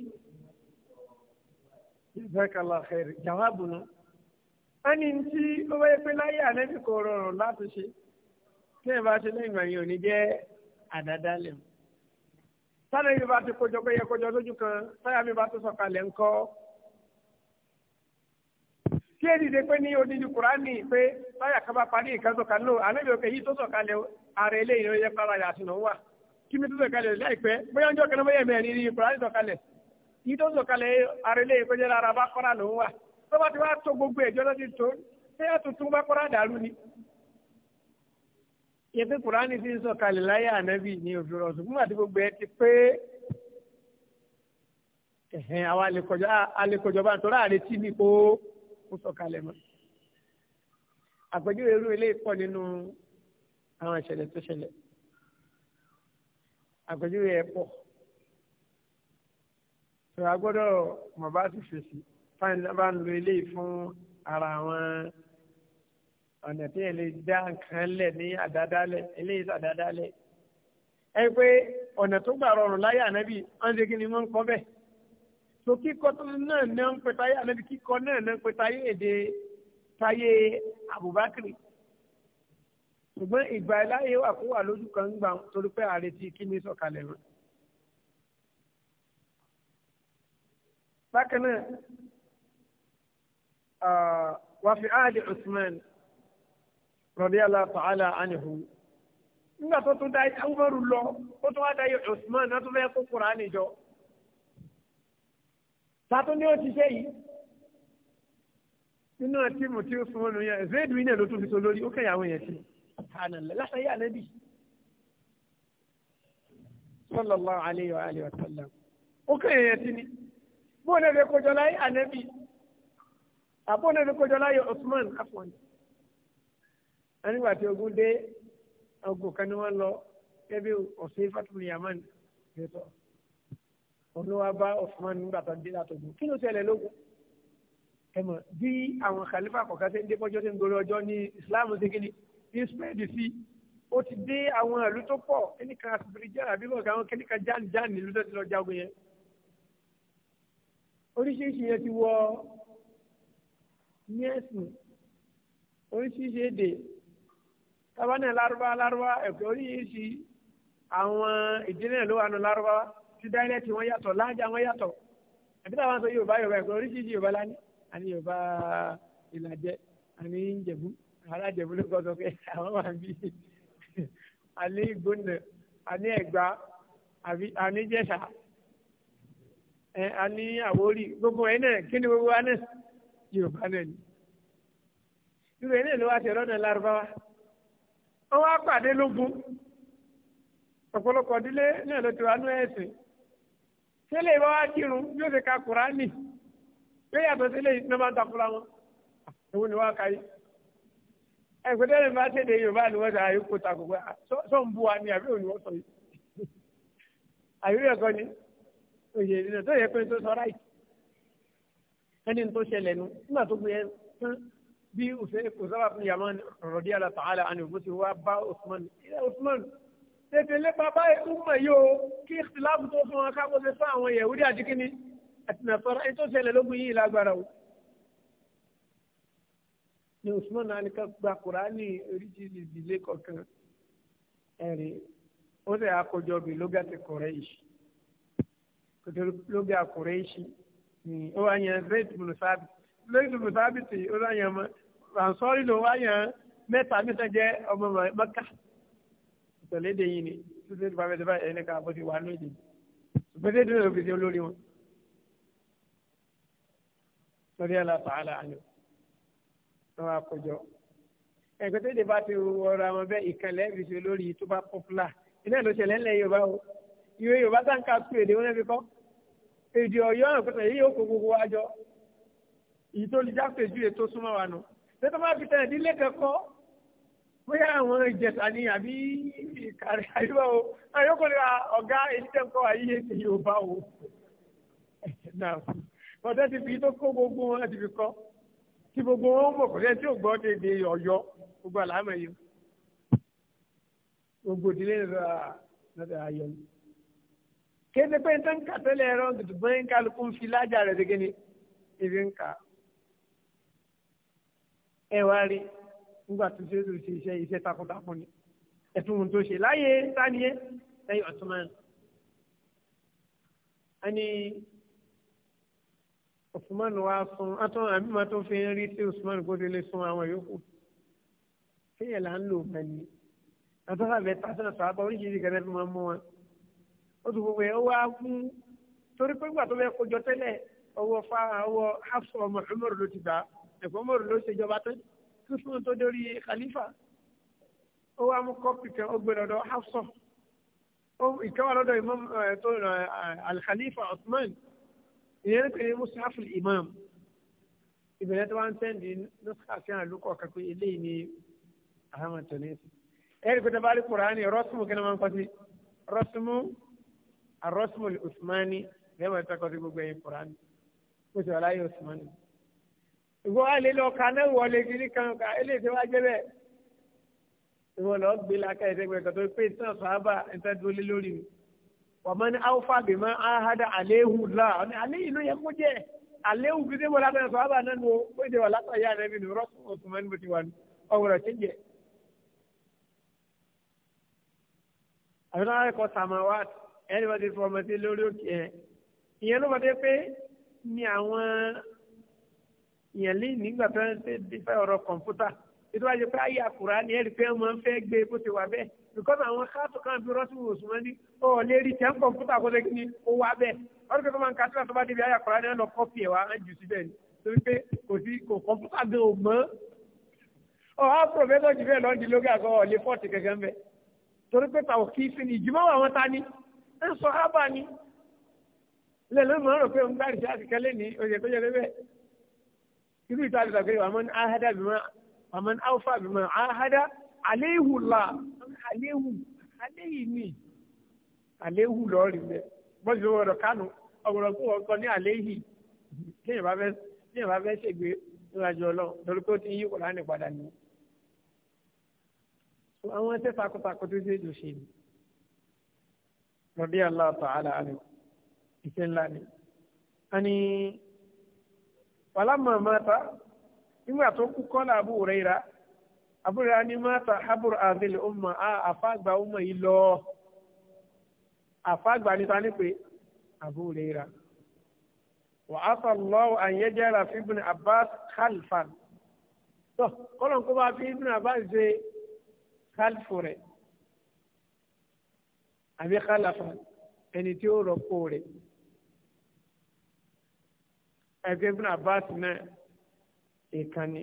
ìfẹ́kàlà xẹ́rì jàwábù nù. wọ́n ní tí ó bá yẹ pé láyé ànẹ́bí kò rọrùn láti ṣe tí ẹ bá ṣe lẹ́yìn ìgbà yẹn ò ní jẹ́ àdádálẹ̀ mu. sáré mi bá ti kójọ pé yẹ kójọ lójú kan sáyà mi bá tó sọ̀kalẹ̀ ńkọ́. kí ẹ dìde pé ní odidi kùránì pé láyà kan bá parí nǹkan sọ̀kalẹ̀ o ànẹ́bí òkè yìí tó sọ̀kalẹ̀ ààrẹ eléyìí ló yẹ pàrọ̀ àyàtúnú wà kí mi tó sọ̀kalẹ̀ láìpẹ́ bóyá ọjọ́ kan náà yìí tó sọ̀kalẹ̀ arẹlẹ̀ ìkọjá ara bá kọ́ra ló ń wà tó bá ti wá tó gbogbo ẹ̀jọ́ tó ti tó ṣé àtúntún bá kọ́ra dàrú ni. ìyẹ́pẹ́ kùránì ti ń sọ̀kalẹ̀ láyé ànábì ní òfin ọ̀sùn fún àti gbogbo ẹ ti pé ẹ̀hẹ́n àwa àlekọjọba àtọ́rọ́ àrètí ni kó ó sọ̀kalẹ̀ mọ́. àpèjúwe irú ilé pọ̀ nínú àwọn ìṣẹ̀lẹ̀ tó ṣẹlẹ̀ àpèjúwe ẹ̀ pọ̀ sọ agbọ́dọ̀ mọ̀ bá ti fèsì fáìn bá ń lo eléyìí fún ara àwọn ọ̀nà tí yẹn lè dá nǹkan lẹ̀ ní àdádálẹ̀ eléyìí sàdádálẹ̀ ẹ pé ọ̀nà tó gbà rọrùn láyé ànábì wọ́n ṣe kí ni wọ́n ń kọ́ bẹ́ẹ̀ so kíkọ́ náà náà ń pe táyé ànábì kíkọ́ náà náà ń pe táyé èdè táyé Abubakar ṣùgbọ́n ìgbà láyé wà kó wà lójú kan ń gbà torí pé ààrẹ ti kí ni sọ̀kalẹ̀ wọn. bákan náà wà fi áàdì Usman radiyallahu ta'ala anhu nígbà tó tún dáyé Umaru lọ ó tún wá dáyé Usman náà tún fẹ́ kó Kùránì jọ sátún ní ó ti ṣe yìí nínú tíìmù tí ó fún ọ́nà yẹn zéèdù yìí náà ló tún fi so lórí ó kẹ́yà àwọn èèyàn sí àtànàlẹ́ látàyé ànábì sallallahu alayhi wa sallam ó kẹ́yà èèyàn sí ni bóun ẹ̀rẹ́ kojọ láyé ànẹ́bí àbóun ẹ̀rẹ́ kojọ láyé Usman afọ́n nígbàtí ogun dé ogun kan ni wọ́n lọ ẹbí ọ̀sẹ̀ fatumuli yamani gbẹtọ olúwa bá Usman nígbà tó ń dé látọ̀gbọ̀n kí ló ṣẹlẹ̀ lógun ẹ bí àwọn khalifa kọ̀ọ̀kan ṣe ń dé bọ́jọ́ ṣe ń gorí ọjọ́ ní Islam ṣe kí ni Israel sí ó ti dé àwọn ìlú tó pọ̀ kíníkan asibiri jẹ́ àbí lọ́ọ̀gá àwọn kíníkan jáni jáni ìlú ti lọ jagun yẹn oríṣiríṣi yẹn ti wọ ní ẹ̀sìn oríṣiríṣi èdè tábánà lárúbá lárúbá ẹ̀kọ́ oríṣiríṣi àwọn ìdílé ló wà nù lárúbá tí dáírẹ́tì wọn yàtọ̀ láàjà wọn yàtọ̀ àti táwọn sọ yorùbá yorùbá ẹ̀kọ́ oríṣiríṣi yorùbá lání àní yorùbá ìlàjẹ àní ìjẹ̀bú alájẹ̀bú ló kọ́ sọ pé àwọn wà bí àní gbóná àní ẹ̀gbá àní jẹ̀ṣà ẹ a ní àwórì gbogbo ẹ náà kí ni gbogbo wa náà yorùbá náà ni yorùbá náà ló wá ti rọ́nà lárúbáwá wọ́n wá pàdé lógun ọ̀pọ̀lọpọ̀ ìdílé náà ló ti wá ní ẹ̀sìn sílẹ̀ ìwọ́n wá kírun yóò ti ka kùránì pé yàtọ̀ sílẹ̀ yìí ní wọ́n máa ń takura wọn òun ni wọ́n ka yìí ẹgbẹ́tẹ́ lè máa tẹ̀lé yorùbá ni wọ́n sàáyé kó takò pé ah, sọ́ǹbù wa ni àbí òun ni wọ́n sọ yìí àyúrẹ́ ẹ̀kọ́ ni òye ìrìnà tó yẹ pé tó sọ ráì ẹni tó ṣẹlẹ̀ nu nígbà tó gbé tán bí òṣèlú fún yamani rọ̀dí alàtàhálà àni òbúṣe wá bá Usman ilẹ̀ Usman tètè lépa báyìí ọmọ yìí o kí ìtìláàbù tó fún wọn káko ṣe fún àwọn yẹ̀wúrí àdìkíní àti nàfọ́rọ́ ẹni tó ṣẹlẹ̀ lógun yìí lágbára o. ni Usman náà nìkan gba Kùránì oríṣiríṣi ilé kọ̀ọ̀kan ẹ̀rí ó sì àkójọ bí lógàtí Quraish kòtòrò lóbi àkùrẹ́ṣì ni ó wá yan zayd bin sábì zayd bin sábì tì ó wá yan ansori ló wá yan mẹ́ta mẹ́ta jẹ́ ọmọ mẹ́ka ìtọ́lédè yìí ni títí tí bàbá ìjọba ẹni ká bó ti wà lóde ṣùgbọ́n tí ìdílé òbí ti olórí wọn. lórí aláta àlà àná wọn wá kọjọ ẹgbẹ́ tó dé bá ti wọra wọn bẹ́ẹ̀ ìkànlẹ̀ ìbísí olórí tó bá pọ́pùlà iná ló ṣẹlẹ̀ ńlẹ̀ yorùbá o ìwé yorùbá tá ń ka tu èdè wọn ẹbí kọ́ èdè ọ̀yọ́ náà pẹ̀lú èyí òkú gbogbo àjọ èyí tó lè jáfe ju ètò súnmọ́ wa nù tẹ́tọ́ bá fi tẹ̀lé nílé kẹ́kọ́ bóyá àwọn ìjẹta ni àbí ìkàrí àyíwá o àyókò ní ọ̀gá èyí tẹ́ ń kọ́ ayé ètò Yorùbá o ọ̀tẹ́ ti fi tó kó gbogbo wọn láti fi kọ́ tí gbogbo wọn mọ̀ kò sẹ́ni tí ò gbọ́ dédé ọ̀yọ́ gbogbo àlámọ̀ gbogbo ìdílé rẹ̀ náà kéde pé tó ń kà tẹ́lẹ̀ ẹ̀rọ dùdùbọ́n ń kálukú ń fi lájà rẹ̀ dégé ni ibi ń kà. ẹ wá rí nígbà tó ṣe é ṣe iṣẹ́ iṣẹ́ takuntakun ni ẹ̀tún ohun tó ṣe láyé sáníyé lẹ́yìn ọ̀túnmáyìn. a ní Usman wa sun atún àmì máa tó fi rí sí Usman gbọ́dọ̀ lè sun àwọn yòókù. kéèyàn là ń lò mẹ́ni àtúntàbẹ̀ tàṣán sọ àbá oríṣiríṣi kẹ́tẹ́ oṣù gbogbo ẹ̀ wá fún torí pé gbà tó bẹ kójọ tẹ́lẹ̀ ọwọ́ fáwọn ọwọ́ Hafsa ọmọ Umar ló ti gbà ẹ̀fọ́ Umar ló ṣèjọba tán kí fún tó dórí khalifa ó wá mú kọ́pì kan ó gbé e lọ́dọ̀ Hafsa ìkẹwà lọ́dọ̀ imam tó rà al-khalifa Uthman ìyẹn ní pẹ̀lú mushaf imam ìbẹ̀rẹ̀ tó wá ń tẹ́ǹdì nusra fi hàn lókọ̀ eléyìí ni ahmed tonesi ẹ̀rí pé tabarí kùránì rọ́sùmù kí ni wọ́n ń kọ́ sí rọ́sùmù arosmul usmani lẹ́wọ̀n ìtọ́kọ sí gbogbo ẹ̀yìn koran kó sì ọláyé usmani. ìwọ alẹ́ lọ ka náà wọlé kiri kan ká eléyìí tí wàá jẹ́ bẹ́ẹ̀. ìwọ lọ gbé laka ìdẹ́gbẹ́ kan tó pé tán sábà ń tẹ́ lé lórí mi. wàmọ́ ní alfa bímọ ahada aléhu la ọ̀ni alẹ́ ìlú yẹ kó jẹ́ aléhu bí dé wọlé akọ̀yẹ sábà náà nù ó ó jẹ́ wà látọ̀yà rẹ̀ bí nù rọ́ọ̀sùn usmani bó ti wà nù ọ̀wọ̀rọ̀ ti jẹ́. àbí ẹni bá ti fọmọ sí lórí òkè ẹ ìyẹn ló bàtẹ pé ní àwọn ìyẹn lé nígbà tó ń ṣe dífẹ́ ọ̀rọ̀ kọ̀ǹpútà ètò àjẹ pé ayé àkùrá ni ẹ̀rí pé wọ́n fẹ́ gbé bó ti wà bẹ́ẹ̀ because àwọn káàtó kan bí rọ́ọ̀tù òṣùwọ̀n ní ọ lè rí tẹ́ ń kọ̀ǹpútà kó lẹ́kí ni ó wà bẹ́ẹ̀ wọ́n ti pé máa ń kásílà tó bá débi ayé àkùrá ni wọ́n lọ kọ́pì ẹ̀ wá ń jù síbẹ̀ ni torí pé kò sí kò kọ̀ǹpútà gan ò mọ́ ọ á pòfẹ́sọ̀ jù bẹ́ẹ̀ lọ́ọ́ di lóge àgọ́ ọ̀lẹ́ fọ́ọ̀tì kẹ̀kẹ́ ń bẹ torí pé tàwọn kì í ẹ sọ ábà ni ilẹ̀ ló mọ̀ ọ́rọ̀ pé òun bá rìṣà àti kẹlẹ́ ní oṣù tó yẹ bẹ́ẹ̀ irú ìta àti ìtàkùn wa man ahada bima wa man awfa bima ahada aléhù la aléhù aléhì ni aléhù lọ́ọ̀rì bẹ́ẹ̀ bọ́sì ló wọ̀rọ̀ kánú ọ̀gbọ̀rọ̀ kó wọ́n kọ ní aléhì kéèyàn bá fẹ́ ṣègbè níwájú ọlọ́run lórí pé ó ti yí kọ̀ọ̀lá ní padà nìyí àwọn ẹsẹ takuntakun tó ṣe é lò ṣe ni rọ̀bí aláàtọ̀ aláàánú ìṣẹ́ ńlá ni. a ní wàlámà máta nígbà tó kú kọ́lá Abu Huraira Abu Huraira ní máta habur azil umma a àfáàgbà umma yìí lọ àfáàgbà níta ní pé Abu Huraira. wà á sọ lọ́wọ́ àyẹ́jẹ́ rafi ibn Abbas khalfan. tó kọ́lọ̀ kó bá fi ibn Abbas ṣe khalfu rẹ̀ àbí kálàfà ẹni tí ó rọ́pò rẹ̀ ẹgbẹ́ ibùdó Abbas náà ìkànnì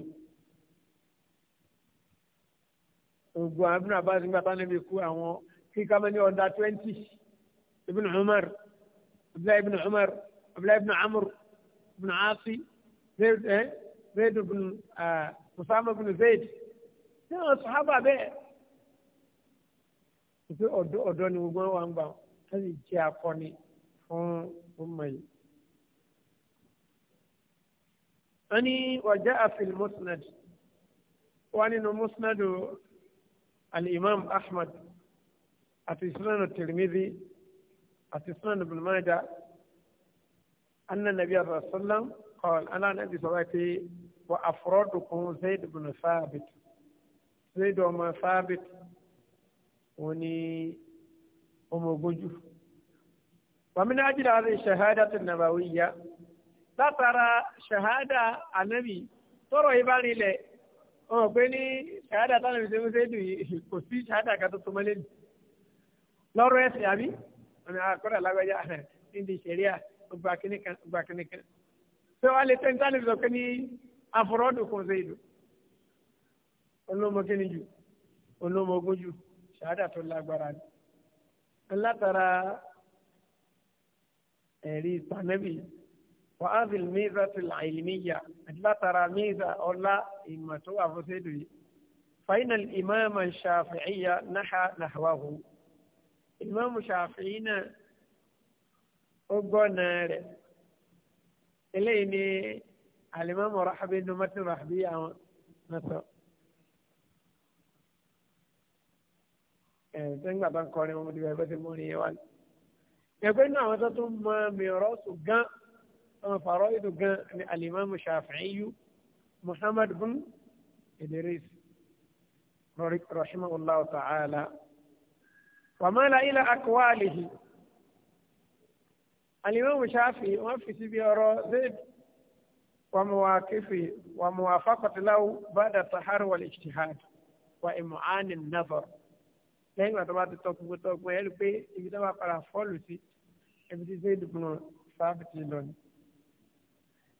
gbogbo ibùdó Abbas nígbà tá níbi kú àwọn kíkà mẹ́ni ọ̀dà twenty ibùdó Umar abdullahi ibùdó Umar abdullahi ibùdó Amr ibùdó Asi Zayd eh, ibùdó ah, Usama ibùdó Zayd ṣé àwọn sàhábà bẹ́ẹ̀ pé ọ̀dọ́ ọ̀dọ́ ni gbogbo wa ń gbà wọ́n sì jẹ́ akọni fún ọmọ yìí. wọ́n ní wàjá àfil musnad wọ́n nínú musnadu al-imam ahmad àti sunanu tirmidhi àti sunanu ibn majah anna nabiya sallam qala ana nabi sallallahu alaihi wa afradukum zayd ibn thabit zayd ibn thabit òun ni ọmọ ogójú. wàmínà ajílẹ̀ àti ṣahádà tó nàbàwí yá látara ṣahádà ànábì tọrọ ìbárinlẹ̀ ọmọ pé ní ṣahádà tánàbì tó ń ṣe dùn yìí kò sí ṣahádà kan tó tó mọ́lẹ́ nì lọ́rọ̀ ẹ̀sìn àbí ọ̀nà àkọ́dà ah, lágbájá níbi ìṣẹ̀ríà gbà kínníkan gbà kínníkan tí wọ́n lè tẹ́ni tánàbì sọ pé ní àfọ̀rọ̀dù kò ṣe ìdù olómọ kínní jù olómọ ogún jù. شهادة اللقران اللقراء إلي سنبي وهذه الميزة العلمية اللقراء ميزة ألا إما توقف سيدوي فإن الإمام الشافعي نحى نحوه الإمام الشافعي أبونا إليني الإمام رحبي نمت رحبي ẹ̀ẹ́dẹ́gbà bá ń kọrin wọn níbi ẹgbẹ́ tí mo rí yẹn wá ní. ẹgbẹ́ inú àwọn tó tún mọ mìírọ́sù gan ọmọ fàárọ̀ ìdù gan ni alimami shafi'iyu muhammad bin idris rahimahullahu ta'ala wa mala ila akwalihi alimami shafi'i wọn fi síbi ọ̀rọ̀ zayd ومواقفه وموافقة له بعد التحر والاجتهاد وإمعان النظر lẹ́yìn ìgbà tó bá ti tọpinpin tọpinpin ẹ̀rí pé ibi tó bá padà fọ́ọ̀lù sí ibi tí zayd bin sáfìtì lọ ni.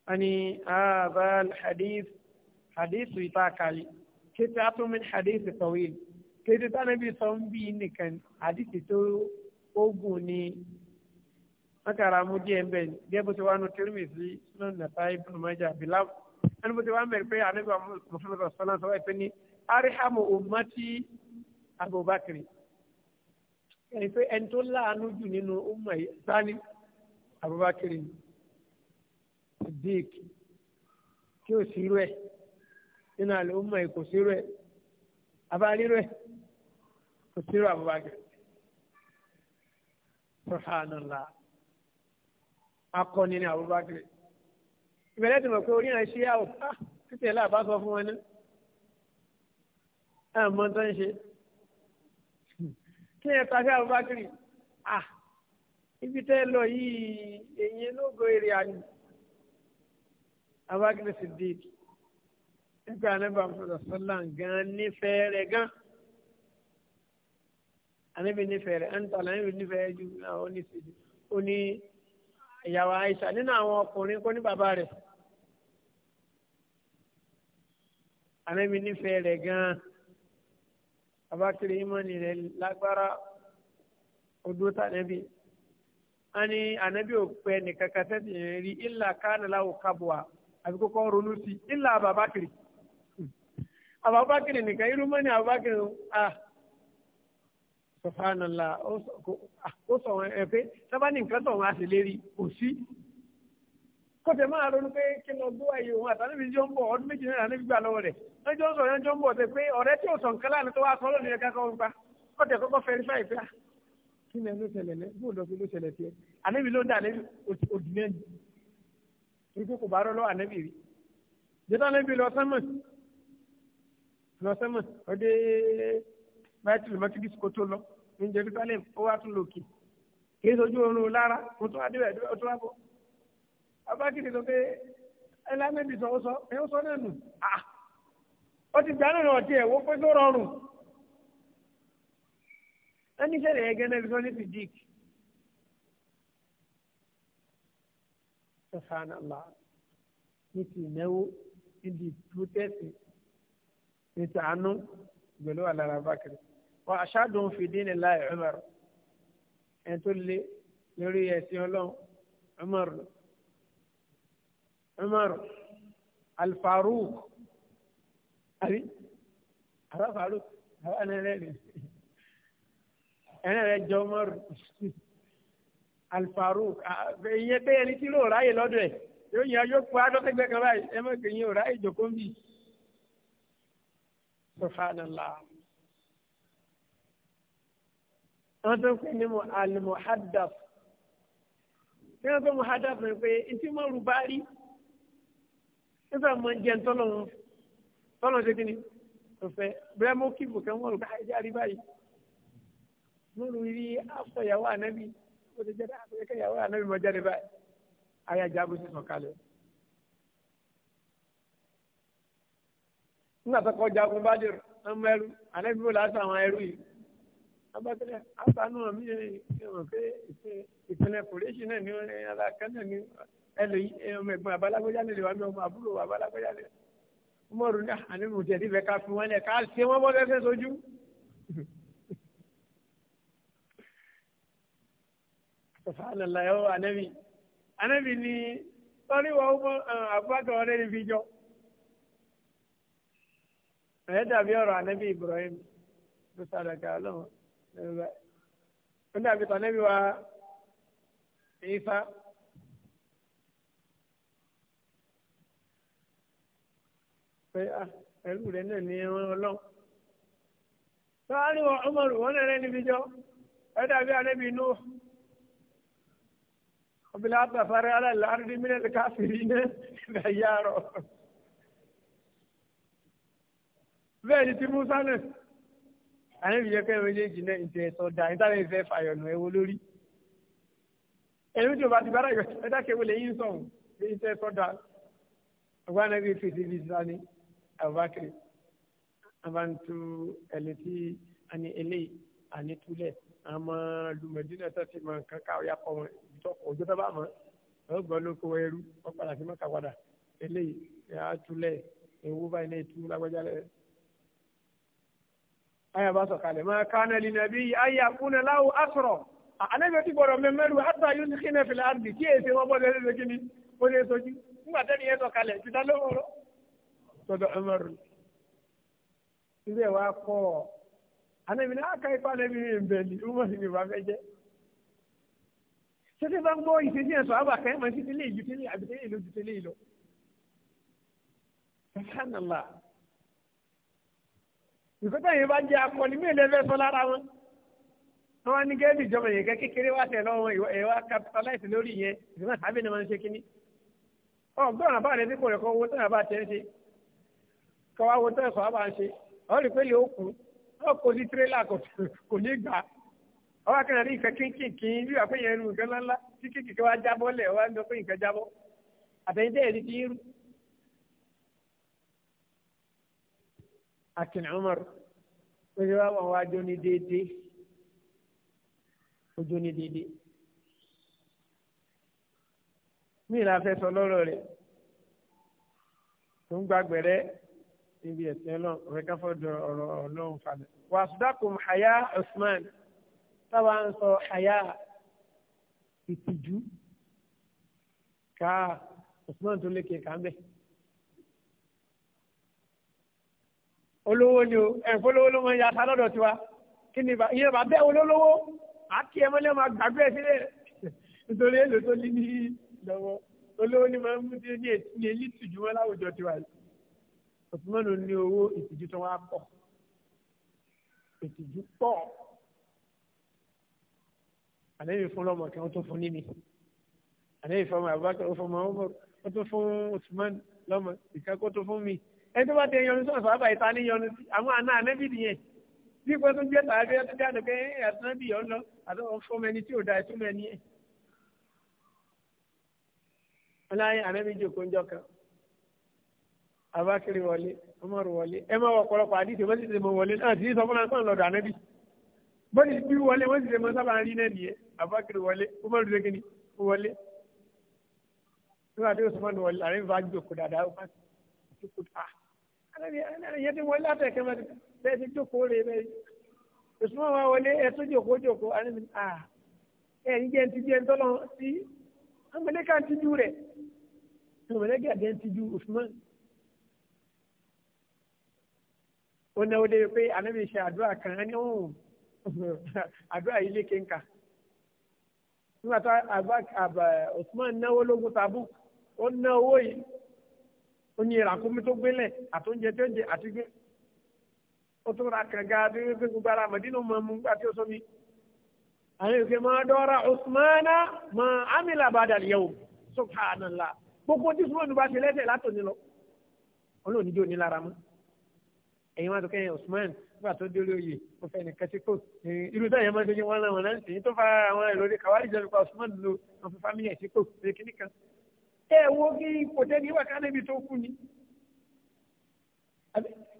wọ́n ní abal hadith hadith ìta kàlí kété atúmín hadith tawil kété tánàbí sọ ń bí nìkan hadith tó ogun ni wọ́n kàrà mú díẹ̀ ń bẹ̀ ní bí ẹ bó ti wá nu Tirmidhi sínú nàta ibùdó mẹ́jà bìláwù ẹni bó ti wá ń bẹ̀rẹ̀ pé àníbà mùsùlùmí sọ̀rọ̀ sọ́nà sọ́wọ́ ìpínní Abubakar ẹni pé ẹni tó láàánú jù nínú ọmọ yìí sani Abubakar Siddiq tí ò sí rẹ nínú àlè ọmọ yìí kò sí rẹ abali rẹ kò sí rẹ Abubakar subhanallah akọni ni Abubakar ìbẹ̀rẹ̀ tó mọ̀ pé orí náà ṣe àwọn ah, títí ẹ̀ láàbá sọ fún wọn ní àmọ́ tó ń ṣe kí ẹ ta sí Abubakar à ibi tẹ́ ẹ lọ yìí èyí lóògùn èrè àná Abubakar Siddiq nígbà anábà mọ́tò sọ́lá gan nífẹ̀ẹ́ rẹ̀ gan anábì nífẹ̀ẹ́ rẹ̀ ẹ̀ńtà anábì nífẹ̀ẹ́ ju àwọn oníṣèlú ó ní ìyàwó Aisha nínú àwọn ọkùnrin kó ní bàbá rẹ̀ anábì nífẹ̀ẹ́ rẹ̀ gan abakiri imani rẹ lagbara odó nabi, ani anabi ò pẹ nìkan kẹsẹ ti yẹn rí ilà kánàlá ò kábọà àbí kókó ronú sí ilà ababakiri ababakiri nìkan irú mọ́ni ababakiri ah sọfánàlá ah, ó sọ wọn ẹ pé sábà ní nǹkan tó wọn a sì lérí kò sí kó tẹ máa ronú pé kí lọ gbó ayé òun àtàlẹ́bí jọ ń bọ̀ ọdún méjì náírà níbi gbà lọ́wọ́ rẹ̀ wọ́n jọ ń sọ̀rọ̀ jọ ń bọ̀ tẹ pé ọ̀rẹ́ tí ò sàn kálá ni tó wá sọ lónìí ẹ̀ka kan pa kó tẹ kọ́kọ́ fẹ́rí fáì pé ah, kí ni ló ṣẹlẹ̀ lẹ bó lọ fi ló ṣẹlẹ̀ tiẹ̀ ànẹ́bí ló ń dà ànẹ́bí òdìmẹ́ ní kó kò bá rọ́ lọ́wọ́ ànẹ́bí rí jẹ́tọ́ ànẹ́bí lọ sẹ́mọ̀ lọ sẹ́mọ̀ ọdẹ abákìrì ló pé ẹlámẹ́bí sọ ó sọ ẹ ó sọ náà nù à ah! ó ti gbà náà ọtí ẹ̀ wọ́n pé tó rọrùn ẹni sẹ́lẹ̀ yẹn gẹ́gẹ́ bí wọ́n ní fìdíkì. subhanallah ní ti ìnáwó níbi protest ní ti àánú pẹ̀lú àlàrà bákìrì wọn aṣáàdùn fìdí ní láì Umar ẹni tó lé lórí ẹ̀sìn ọlọ́run Umar lọ umar alfaruk àbí àbá faruk àbá nàrẹ rẹ ẹnà rẹ jọ umar alfaruk ìyẹn bẹ́ẹ̀ ni tí ló ráyè lọ́dọ̀ ẹ̀ yóò yàn yóò pa adọ́kẹ́gbẹ́ kan báyìí ẹ mọ̀ kéyìn ò ráyè jòkó ń bì subhanallah. wọ́n tún pè ní alimuhadaf. kí wọ́n pè muhadaf ni pé ntí mo rú bá rí nígbà máa ń jẹ ntọ́lọ́run tọ́lọ́run ṣe kí ni ọ̀fẹ́ bẹ́ẹ̀ mo kí bùkẹ́ wọn rògbà ẹ̀jẹ̀ àrí báyìí mo rò rí afọ̀yàwó ànábì ó ti jẹ́ afọ̀yàwó ah, ànábì mọ́ jáde báyìí ayájá bó ti sọ̀ kalẹ̀. nígbà tó kọjá ogun bá dèrò ọmọ ẹrú ànábì bó láti àwọn ẹrú yìí abatẹlẹ asanu mi ẹ ẹ mọ pé ìpínlẹ̀ kòrèṣì náà ni wọn ẹ alákẹ́ náà ni wọn ẹlòmíì ọmọ ẹ̀gbọ́n abalagbèjà lè lè wá mi ọmọ àbúrò abalagbèjà lè ọmọ òrùn náà àní mo tẹ̀lé bẹ́ẹ̀ ká fún wọn lẹ̀ ká ṣe wọ́n bọ́ fẹ́fẹ́ sojú. sọfàánàlá ẹ̀ ọ́ anẹ́bí anẹ́bí ni sọ́rí wọ́n ọmọ àbúrò ọ̀rẹ́ ni fi jọ. ẹ̀ dàbí ọ̀rọ̀ anẹ́bí Ibrahim ló sàdàkà ọlọ́run ó dàbí tànẹ́bí wa Ìsá. pé ah, ẹrú rẹ náà ní ẹran ọlọ́run. láàárín ọmọrù wọn rẹ níbi jọ ẹ dàbí anábì inú ọbìlà àtàfàrẹ aláàlárí mílẹ̀ káfíìrì náà ìgbà yàrá. bẹ́ẹ̀ ni ti musa náà ànábì yẹ kẹ́ méjèèjì náà ìtẹ̀ ẹ̀sọ́ da ìtàlẹ̀ ìfẹ́ fàyọ̀nù ẹ̀wọ̀ lórí. ẹ̀rú tí o bá ti bára yọ ẹ̀dá kẹwọ́ lẹ́yìn sọ̀hún ìtẹ̀ ẹ̀sọ́ da ọgbà náà fi fèsì fi sani abubakar abantu ẹni tí a ní eléyìí a ní túlẹ̀ àmọ́ lùmọ̀dínà tó ti mọ nǹkan ká ọ̀yà pọ̀ wọn òjò tó bá mọ̀ ọ́ gbọ́ ló kó ẹrú wọ́n padà sí mọ́ta padà eléyìí a nabi, ewu báyìí náà tú lágbájá lẹ́yìn. aya bá sọ kalẹ̀ máa kánà lì nàbí aya kúnà láwù asọ̀rọ̀ àlejò ti gbọ́dọ̀ mẹ́mẹ́rù hàtà yóò ti kí náà fìlà àdì kí èsì wọn bọ́dọ̀ ẹ̀ sọ́dọ̀ Umaru ilé wa kọ́ ọ anabi náà ká ipá lẹ́bi ní ìbẹ̀lì Umaru ni wàá fẹ́ jẹ́ tẹ́tẹ́ bá ń gbọ́ ìṣesí ẹ̀sọ́ àbà kẹ́ mọ̀ sí tẹ́lẹ̀ ìlú tẹ́lẹ̀ àbí tẹ́lẹ̀ ìlú ju tẹ́lẹ̀ ìlú sàkánàlá ìkọ́tà yìí bá jẹ́ akọni mí lẹ́fẹ́ sọ lára wọn wọn wá ní gẹ́gẹ́ ìjọba yẹn kẹ́ kékeré wá tẹ̀ lọ́wọ́ ẹ̀ wá capitalize lórí yẹn ìgbà sábẹ́ ni wọ́n ń ṣe kínní ọ̀gbọ́n àbá rẹ̀ tí kò rẹ̀ kọ́wá wo tẹ́ sọ́ọ́ bá ń ṣe ọ́ rí pé lè ó kú ọ́ kò sí tirẹ́là kò ní gbà ọ́ wá kẹ́rin rí nǹkan kínkìnkì rí wà pé yẹn rú nǹkan ńláńlá tí kínkìnkì wá jábọ́ lẹ̀ wá ń lọ pé nǹkan jábọ́ àtẹ̀yìndẹ́ ẹ̀rí ti ń rú. akin umar ó ṣe wá wá jó ní déédéé ó jó ní déédéé mí ìlà fẹ́ lọ́rọ̀ rẹ̀ tó ń gbàgbẹ̀rẹ́ níbi ẹ̀sìn ọlọ́run ọ̀rẹ́ káfọ́ dọ̀ ọ̀rọ̀ ọlọ́run falẹ̀. wàsídàkùn haya usman táwa ń sọ haya ìtìjú ká usman tó lékè ká mbẹ. olówó ni o ẹ̀fọ́ olówó ló máa ń yàtá lọ́dọ̀ tiwa kí ni ìyẹn bá bẹ́ẹ̀ olólówó àti ẹ̀mọ́ lẹ́ẹ̀ máa sílẹ̀ nítorí èlò tó lé ní lọ́wọ́ olówó ni máa ń mú ní èlì tìjú wọn láwùjọ tiwa yìí. Osman ní owó ìtìjú tó wá pọ̀ ìtìjú pọ̀ àlẹ́yìn fún lọ́mọ kan tó fún níbi àlẹ́yìn fún ọmọ Abubakar ó fún ọmọ ọmọ ó tó fún Osman lọ́mọ ìkẹ́kọ̀ọ́ tó fún mi ẹni tó bá ti yọnu sọ̀rọ̀ sábà ìta ní yọnu sí àwọn àna ànẹ́bí nìyẹn bí pé tó jẹ́ tàbí ẹ tó jáde pé ẹ àtúnábì yọ̀ ń lọ àtọ́wọ́n fún mi ẹni tí ò da ẹ tó kan abakiri wọlé Umaru wọlé ẹ máa wọ ọ̀pọ̀lọpọ̀ àdìsí wọ́n sì ti mọ wọlé náà àti sọ fún wa kàn lọ́dọ̀ ànábì bọ́ọ̀lì bí wọlé wọ́n sì ti mọ sábà rí náà nìyẹn abakiri wọlé Umaru dẹ́gẹ́ni wọlé nígbà tí Usman wọlé àrẹ bá jókòó dáadáa ó bá jókòó dáa yẹn ti wọlé àtẹ̀kẹ́ máa ti bẹ́ẹ̀ ti jókòó rè bẹ́ẹ̀ Usman wa wọlé ẹ tó jókòó jókòó àrẹ mi à ẹ ń jẹ́ ń tijú ẹ ń tọ́lọ́ sí amẹ́lẹ́kà ń tijú Usman. ó náwó débi pé ànábì ṣe àdúrà kan á ní òun àdúrà yìí lékè ń kà nígbà tó Usman náwó lógun Tabuk ó ná owó yìí ó ní ìràkúnmí tó gbélẹ̀ àtúnjẹ tó ń jẹ àti gbé ó tún ra kànga bí wípé gbogbo ara mọ̀dínà mọ̀ mú nígbà tí ó sọ mi àwọn ìfẹ́ máa dọ́ra Usmana mọ amílà badal yawm subhanallah gbogbo tí Usman bá ṣe lẹ́sẹ̀ látòní lọ olóòní jò lára mọ́ ẹ̀yin wọn àtọkẹ́ yẹn Usman nígbà tó délé oyè ó fẹ́ nìkan tí kò irú táyà máa ń dojú wọn náà wọn náà ń sìn tó fa àwọn ìròyìn kàwárí jẹ́ nípa Usman lo wọn fi fámìlì ẹ̀ tí kò ṣe kíní kan. ẹ wo kí kò tẹ́ ní wà ká níbi tó kú ni.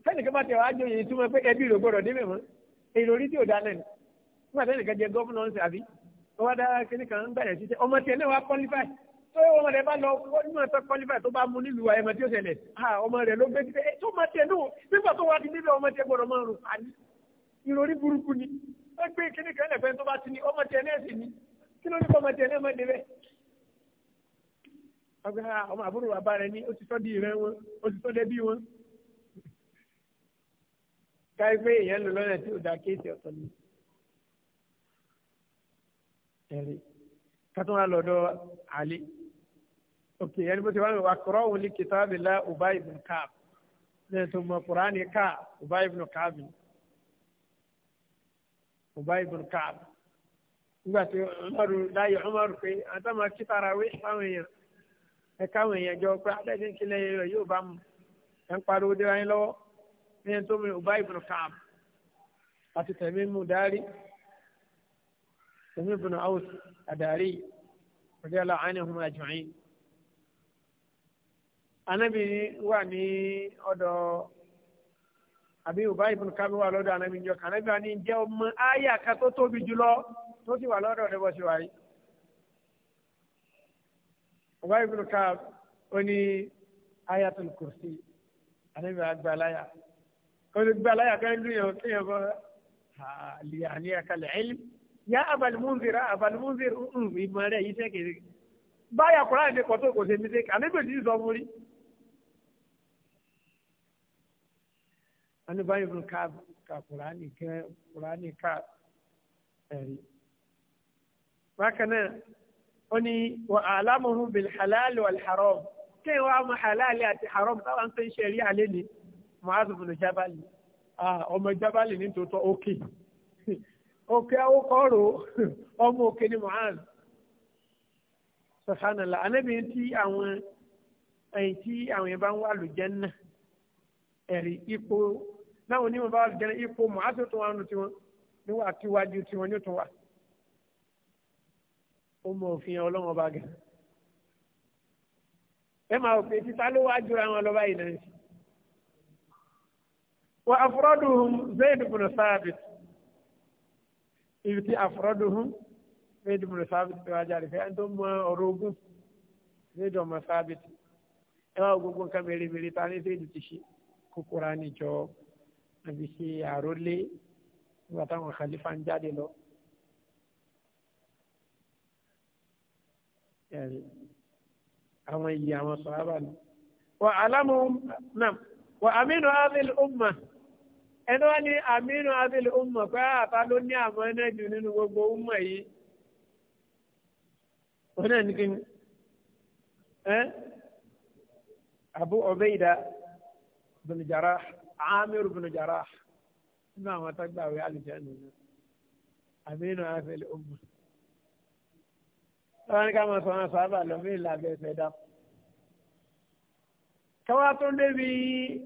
fẹ́nìkan bá tẹ̀ wá jọ yẹn túmọ̀ pé ẹbí rò gbọ́dọ̀ débẹ̀ mọ́ ìròrí tí ò dá lẹ́nu nígbà tẹ́nìkan jẹ gọ́fúnà ọ̀sẹ̀ àbí wọ́n tó ọmọ rẹ̀ bá lọ nínú ẹ̀tọ́ kọ́lífà tó bá mú nílùú ayẹmọ tí ó ṣẹlẹ̀ ọmọ rẹ̀ ló gbé títẹ̀ tó máa tiẹ̀ náà nígbà tó wá di nílùú ọmọ tiẹ̀ gbọ́dọ̀ máa rùn àní ìròrí burúkú ni ó gbé kíní kan lẹ̀fẹ́ tó bá ti ní ọmọ tiẹ̀ náà sì ní kí ló ní kọ́ ọmọ tiẹ̀ náà máa débẹ̀. ọmọ àbúrò bàbá rẹ ní ó ti sọ́ di ìrẹ́ wọn ó ti sọ́ dẹ́bí wọn. káyí pé èèyàn lò lọ́nà lọ́dọ̀ àlè ok ẹni bó ti wá lọ akọrọ òun ní kìtàbí la Ubay ibn Ka'b lẹ́yìn tó mọ kuraani ká Ubay ibn Ka'b Ubay ibn Ka'b nígbà tí ọmọdún láyé ọmọdún pé àtàwọn kìtàrà wí fáwọn èèyàn ẹ káwọn èèyàn jọ pé adẹ́sẹ̀ ń kílẹ̀ yẹn lọ yóò bá mu ẹ̀ ń pariwo dé wáyé lọ́wọ́ lẹ́yìn tó mọ Ubay ibn Ka'b àti tẹ̀mí mu dárí tẹ̀mí ibn Aws àdàrí radiyallahu anhum ajma'in anabi wà ní ọ̀dọ̀ àbí ọba ibùn kábí wà lọ́dọ̀ anabi jọ kàn anabi wà ní jẹ́ ọmọ àyà kan tó tóbi jùlọ tó ti wà lọ́dọ̀ ọ̀dọ̀ bọ́sẹ̀ wáyé. ọba ibùn kábí ó ní ayatul kursi anabi wà gba láyà kọ́ni gba láyà kan ló yàn kí yàn kọ́ àlìyàní àkàlẹ̀ ẹ̀lì yá abalmúnzir abalmúnzir ìmọ̀ rẹ̀ yìí sẹ́kẹ̀ẹ́ báyà kúrò àdékọ̀tò kò sí mi sẹ́kẹ̀ẹ́ anabi ò ti sọ fún rí. wọn ní báyìí fún káàbù ka kùránì kẹ kùránì ká ẹ̀rí. bákan náà ó ní wà àlámùhùn bil halal wal haram kí wọ́n á mọ halal àti haram táwọn tó ń ṣe rí alẹ́ ni muhazu bin jabali ọmọ jabali ní tòótọ́ òkè òkè awokọ̀rọ̀ ọmọ òkè ni muhazu sọ̀hánàlá anábì tí àwọn ẹ̀yìn tí àwọn yẹn bá ń wà lójẹ́ náà ẹ̀rí ipò táwọn onímọ̀ bá wà lè jẹ́rẹ̀ ipò mọ̀ àti òtún wọn tiwọn níwà kíwájú tiwọn ní òtún wa ó mọ òfin ọlọ́wọ́n bá gẹ̀. ẹ máa wò pé títa ló wá jura wọn lọ́ba yìí náà. wa afraduhum Zayd ibn Thabit ibi tí afraduhum Zayd ibn Thabit ti wájà rẹ̀ fẹ́ ẹni tó mọ ọ̀rọ̀ ogun Zayd ọmọ Thabit ẹ wá gbogbo nǹkan mèremère ta ní Zayd ti ṣe kókóra níjọ́ àbí ṣe àrólé nígbà táwọn khalifa ń jáde lọ. àwọn iyì àwọn sọ̀rọ̀ ni. wà alámù náà wà aminu abel umma ẹni wọ́n ní aminu abel umma pé àtà ah, ló ní àmọ́ ẹni jù nínú gbogbo umma yìí. wọ́n náà ní kí ni ẹ́ abu obeida bin jarah amir bin jarah nínú àwọn tágbàwé alìjẹ́nu náà àmínú afẹ́lẹ́ ogun tọ́wọ́n ní ká máa sọ wọn sábà lọ́mí ìlàbẹ̀ ẹ̀fẹ́ dá káwá tó débi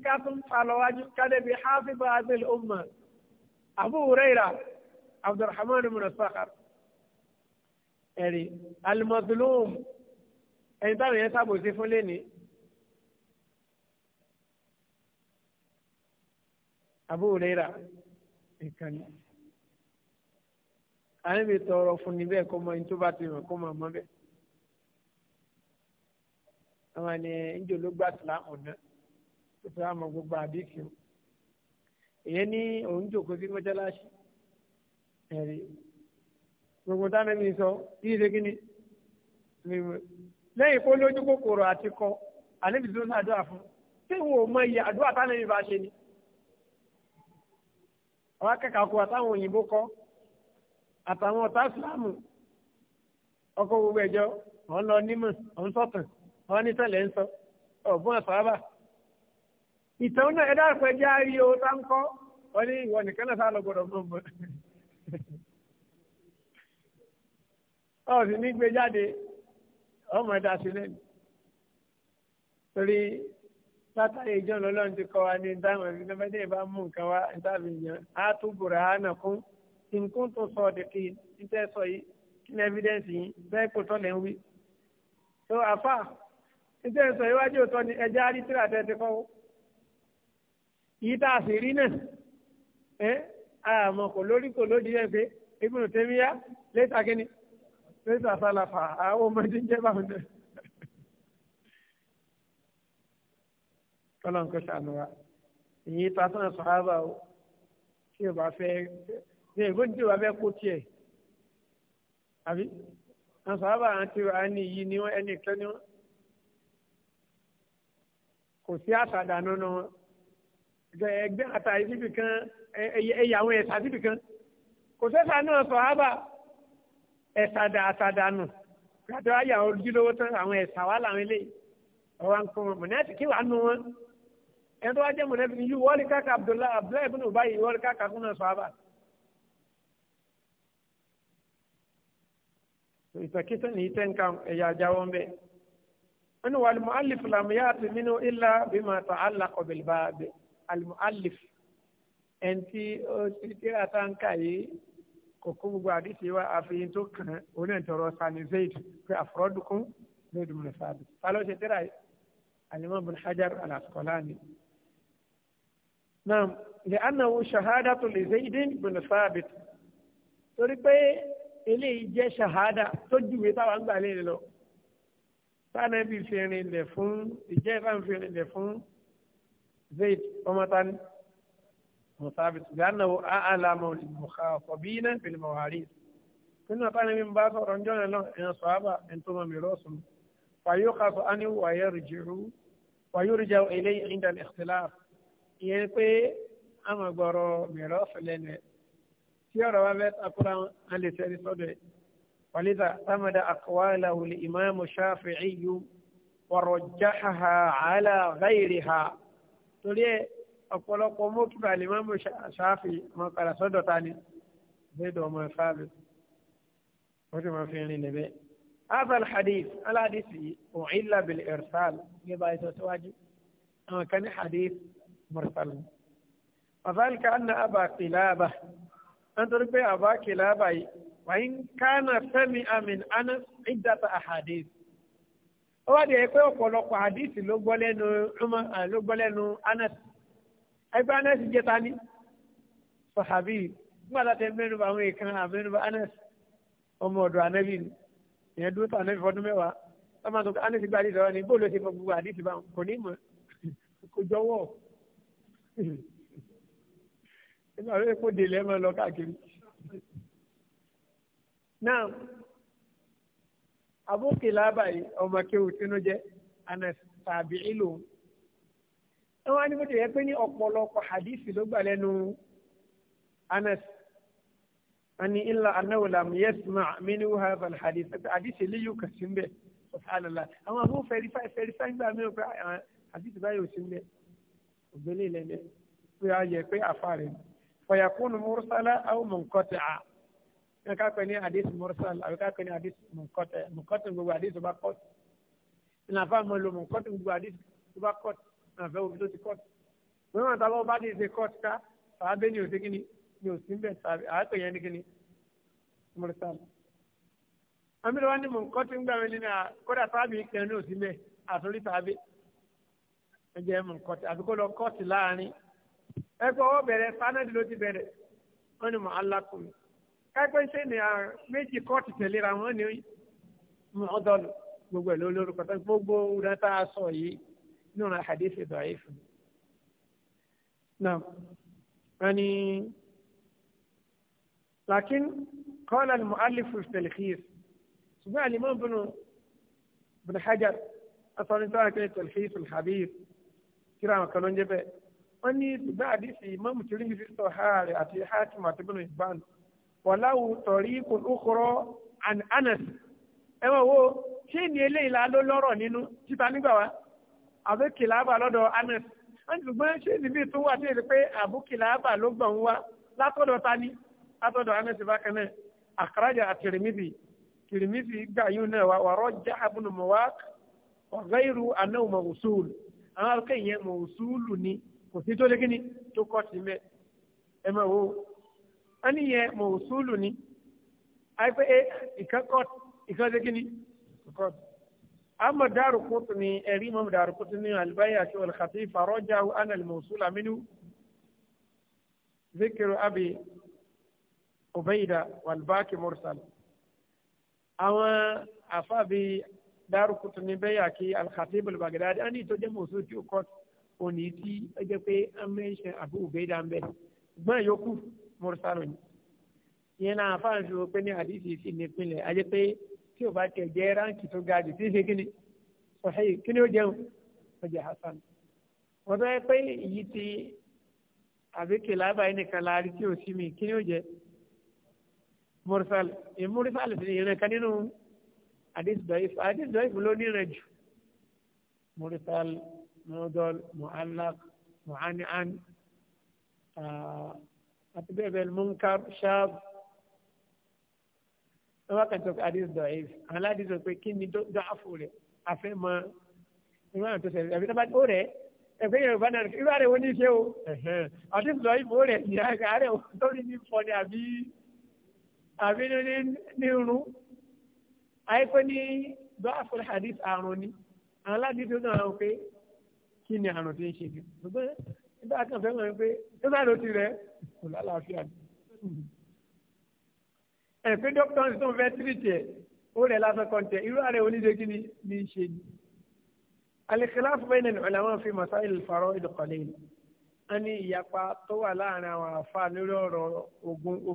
ká tó ń fa lọ́wájú ká débi hafiba afẹ́lẹ́ ogun abu huraira abdulrahman bin sakhar ẹ̀rí alimọ̀tulùm ẹni táwọn yẹn sábò sí fún lẹ́nìí. Abu Huraira nìkan ni àyìn mi tọrọ fún ni bẹ́ẹ̀ kọ́ mọ ẹni tó bá ti mọ̀ kọ́ mọ ọmọ bẹ́ẹ̀ àwọn ẹni ńjọ ló gbà tìlá ọ̀nà tó fẹ́ àmọ́ gbogbo àdìsí o èyẹ ní òun jòkó sí mọ́ṣáláṣí ẹ̀rí gbogbo táwọn ẹni sọ kí ṣe kí ni lẹ́yìn kó lójú kòkòrò àti kọ àlébi tó ń ṣàdúrà fún ṣé wọn ò mọ iye àdúrà táwọn ẹni bá ṣe ni àwọn akẹ́kọ̀ọ́ kó àtàwọn òyìnbó kọ́ àtàwọn ọ̀tá ìsìláàmù ọkọ̀ gbogbo ẹ̀jọ́ wọn lọ nímọ̀ wọn sọ̀tàn wọn ní tẹ̀lé ń sọ ọ̀bùn àsáábà. ìtàn náà ẹ̀dá àpẹjẹ àárí o tá ń kọ́ wọn ní ìwọ nìkan náà sá lọ gbọdọ̀ mọ̀ mọ́. ní gbé jáde ọmọ ẹ̀dá sílẹ̀ látàrí ìjọ lọ́lọ́run ti kọ́ wa ní dáhùn ẹ̀rí lọ́mọdé bá mú nǹkan wá ìtàbí yẹn á tún bùrọ̀ á nà kún nǹkan tó sọ ọ̀dẹ̀kì níṣẹ́ sọ yìí kí ni evidence yìí bẹ́ẹ̀ kò tọ́ lẹ́ ń wí. so àfà níṣẹ́ sọ iwájú òtọ́ ni ẹja á rí tíra tẹ́ ti kọ́ yìí tá a sì rí náà ẹ́ àmọ́ kò lórí kò lódì yẹn pé ibùdó tẹ́míyá lẹ́tà kínní lẹ́tà sálàfà àwọn ọmọdé ń jẹ́ báwọn náà. kọ́lọ́n kó ṣàánú wa èyí ta sọ̀rọ̀ sàhábà o tí o bá fẹ́ ní ègbón tí o bá fẹ́ kó tiẹ̀ àbí àwọn sàhábà àti àní yìí ni wọ́n ẹnì kan ni wọ́n kò sí àṣàdà nínú wọn ẹgbẹ́ àtàrí síbi kan ẹ̀yà àwọn ẹ̀sà síbi kan kò sẹ́sà náà sàhábà ẹ̀sàdà àṣàdà nù gbàdúrà yà ojúlówó tán àwọn ẹ̀sà wà láwọn eléyìí ọ̀wá ń kó wọn mọ̀ ní àti kí wàá nu wọn ẹni tó wá jẹ́ mọ̀lẹ́bí yìí wọ́n lè káka Abdullahi Abdullahi ibùdó báyìí wọ́n lè káka kúnà sọ́ọ́bà. ìtàkìtà ní ìtẹ́ǹkà ẹ̀yà àjáwọ́ ń bẹ́ẹ̀ wani wa almu'allif lam yati minhu illa bima ta'allaqa bil bab almu'allif enti o tira tan kai ko kun gwa di ti wa afin to kan onen toro sani zaid fi afradukum zaid ibn sabit falo se tira al hajar al náà lẹ́ànáwó ṣahádà tó lè ṣe ìdí ìgbìmọ̀ sábìt torí pé eléyìí jẹ́ ṣahádà tó júwe táwọn gbà lé lọ sáànà bíi fi rinlẹ̀ fún ìjẹ́ ìfàn fi rinlẹ̀ fún zayd ọmọtani mọ̀sábìt lẹ́ànáwó àhàlámọ̀ mọ̀kàkọ̀bínà fìlìmọ̀wárí nínú àtàwọn ẹni bá sọ̀rọ̀ ńjọ́ náà lọ ẹ̀yàn sọ̀hábà ẹni tó mọ̀ mìíràn sùn fàyókàtọ̀ ánìwò àyẹ̀rù jìrú wàyóríjà eléyìí ìdàlẹ̀ ìṣẹ̀láàfù ìyẹn pé àwọn gbọ́rọ̀ mìíràn fẹlẹ́nu ẹ̀ tí ọ̀rọ̀ wa bẹ́ẹ̀ takura á lè sẹ́rí sọ́dọ̀ ẹ̀ wàlídà sámẹ́dà àkọwálà wùlì ìmáàmù Ṣáfi'í wàrọ̀jáhà àlà gáìrì ha torí ẹ̀ ọ̀pọ̀lọpọ̀ mọ́tòkà ìmáàmù Ṣáfi'í wọn padà sọ́dọ̀ ta ni bẹ́ẹ̀ ọmọ ẹ̀ fáàbì wọ́n ti máa fi rìn níbẹ̀. هذا الحديث الحديث أعل بالإرسال يبقى يتواجه كان حديث mọ̀rẹ́sálù ọ̀záìlìkà ń na àbà kìláàbà nítorí pé àbá kìláàbà yìí wàyí kánà fẹ́mi amin aná ìdáta àhàdìs ó wá dìé lo ló gbọ́ ọmọ ló anas anas nígbà a bá àwọn èèkan àmẹ́nu bá anas ọmọ ọ̀dọ̀ anabi ìyẹn dúró tó fọdún ọmọ gba ni bóòlù fọ gbogbo bá kò ní kò nígbà tó kó délé máa lọ káàkiri. náà abókè lábàáyé ọmọ kéwù tínú jẹ anas tàbí ìlú ẹ wá ní bó ti yẹ pé ní ọ̀pọ̀lọpọ̀ hadisi ló gbà lẹ́nu anas ani illa annahu lam yasma minhu hadha alhadith hadith li yukasimbe subhanallah àwọn abu verifa verifa gba mi o pe ah, hadith bayo simbe ògbélé lẹ́lẹ́ pé a yẹ pé àfa rẹ̀ ni fọyàkùnù mursala aw munqati'a ẹ ká pẹ́ ní hadith mursal àbí ká pẹ́ ní hadith munqati' munqati' gbogbo hadith tó bá kọ́t ìnàfà mọ́ lo munqati' gbogbo hadith tó bá kọ́t ìnàfẹ́ òbí tó ti kọ́t wọ́n wọn tàbá ọba ní ìṣe kọ́ọ̀tù ká sàábé ní òsì kínní ní òsì ń bẹ̀ sàábé àápè yẹn ní kínní mọ̀rẹ́sàlù. amílẹ̀ wọn ní mọ̀ ń gbà wọn ó jẹ́ mú kọ́tì àfi kó lọ kọ́tì láàrin ẹgbẹ́ ọwọ́ bẹ̀rẹ̀ sanadi ló ti bẹ̀rẹ̀ wọ́n ní mọ̀ alákùn ẹgbẹ́ ṣe ni méjì kọ́tì tẹ̀léra wọ́n ní mọ́dọ́lù gbogbo ẹ̀ lórúkọ tó gbogbo ọ̀rẹ́ tá a sọ yìí nínú àdéhùn ìdọ̀ ayé fún mi. náà wọ́n ní lakin kọ́lá ni mọ̀ alifu tẹ̀lẹ́kìs ṣùgbọ́n àlìmọ́ bùnú bùnú hajar asọ́nitọ́ àkẹ́lẹ́ tẹ̀lẹ́kìs alhabib tíra àwọn kan ló ń jẹ́ bẹ́ẹ̀ wọ́n ní ṣùgbọ́n àdìsí mọ́mù tí rímí sísọ haare àti hatim àti bínú ìbánu wọ́láwù tọ̀rí kùn ókòrò and anas ẹ wọ́n wo ṣé ni eléyìí la ló lọ́rọ̀ nínú títa nígbà wa àbúkìláàbà lọ́dọ̀ anas wọ́n ṣùgbọ́n ṣé níbi tó wà sí èdè pé àbúkìláàbà ló gbọ̀n wá látọ̀dọ̀ ta ni látọ̀dọ̀ anas bákan náà àkàràjà àtìrìmìbì tìrìmìbì gbà yóò náà wà wà rọ́jà abúnumọ̀wá wà gáírù anáwó mọ̀wùsùlù àwọn akókè yẹn mọ̀ òṣùlù ni kò sí tó lé kíni tó kọ́ sí mẹ́ ẹ mọ̀ wo wọ́n ní yẹn mọ̀ òṣùlù ni àìpé ìkẹ́kọ̀ọ́ ìkẹ́kọ̀ọ́ kíni kọ́ أما دار قطني أريم دار قطني البيعة والخطيفة رجعوا أنا الموصول منه ذكر أبي عبيدة والباقي مرسل أما أفابي Dárúkútùní Bayhaqi al-Khatib al-Baghdadi á ní ìtọ́jẹ́ mọ̀ọ́sọ́ tí ó kọ́ òní tí ó jẹ́ pé amẹ́ṣẹ́ Abu Ubayda ń bẹ̀ gbọ́n yòókù mursalu ni ìyẹn náà àfáà ń fi wọ́n pé ní àdìsí sí ní ìpínlẹ̀ ajé pé tí ò bá tiẹ̀ jẹ́ ráǹkì tó ga jù tí ń ṣe kí ni sọ̀hẹ́yì kí ni ó jẹun ó jẹ́ hasan wọ́n tọ́ ẹ pé èyí ti àbíkè lábàáyé nìkan láàrin tí ò sí mi kí ni ó jẹ́ mursal ìmúrísàlù sí ìrìnkan nínú hadith da'if hadith da'if ló ní rẹ̀ jù murital mudol mu'allaq mu'ani'an uh, àti bẹ́ẹ̀ bẹ́ẹ̀ munkar shab wọ́n wá kàn sọ pé hadith da'if àwọn aládìí sọ pé kí ni dọ́àfù rẹ̀ afẹ́ mọ ìwé àwọn tó ṣẹlẹ̀ àbí tábà ó rẹ̀ ẹgbẹ́ yorùbá náà irú àrẹ wo ní ṣe o àti sọ ìbò rẹ̀ ní àrẹ tó ní ní ni àbí àbí ní irun àyíkó ní dọ́àfọ́ hadith àrùn ni àwọn aládìsí ó náà pé kí ni àrùn ti ń ṣe bí ṣùgbọ́n nígbà kan fẹ́ wọn pé ó sáré ti rẹ̀ kò lálàáfíà ni. ẹ̀ pé dókítà ń sọ fẹ́ tírìtì ẹ̀ ó rẹ̀ lásán kọ́ńtẹ̀ irú ààrẹ oníṣe kí ni ní ṣe ni. al-khilaf bayna al-ulama fi masail al-fara'id qalil a ní ìyapa tó wà láàrin àwọn àfa lórí ọ̀rọ̀ ogun ó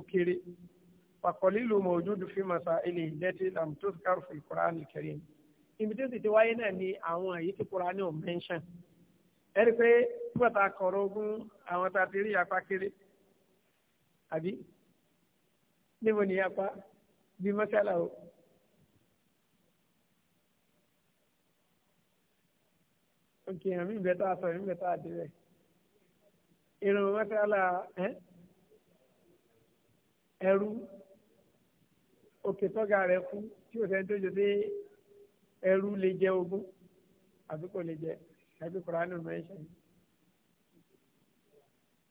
wàkọ̀lílù mọ̀júdù fi màsà ilé ìdẹ́tí lamtuskar fi quran karim ibi tó ti ti wáyé náà ni àwọn èyí tí quran ò mẹ́ńṣàn ẹ̀rí pé nígbà tá a kọ̀rọ̀ ogun àwọn tá a ti rí apá kéré àbí níbo ni apá bí mọ́sálà o. òkè hàn mí bẹ́ẹ̀ tá a sọ mí bẹ́ẹ̀ tá a dé bẹ́ẹ̀ irun mọ́sálà ẹ̀rú òkè tọ́gà rẹ̀ kú tí ò sẹ́ni tó jẹ pé ẹrú lè jẹ ogún àbí kò lè jẹ àbí kùránù mẹ́ṣẹ̀ yìí.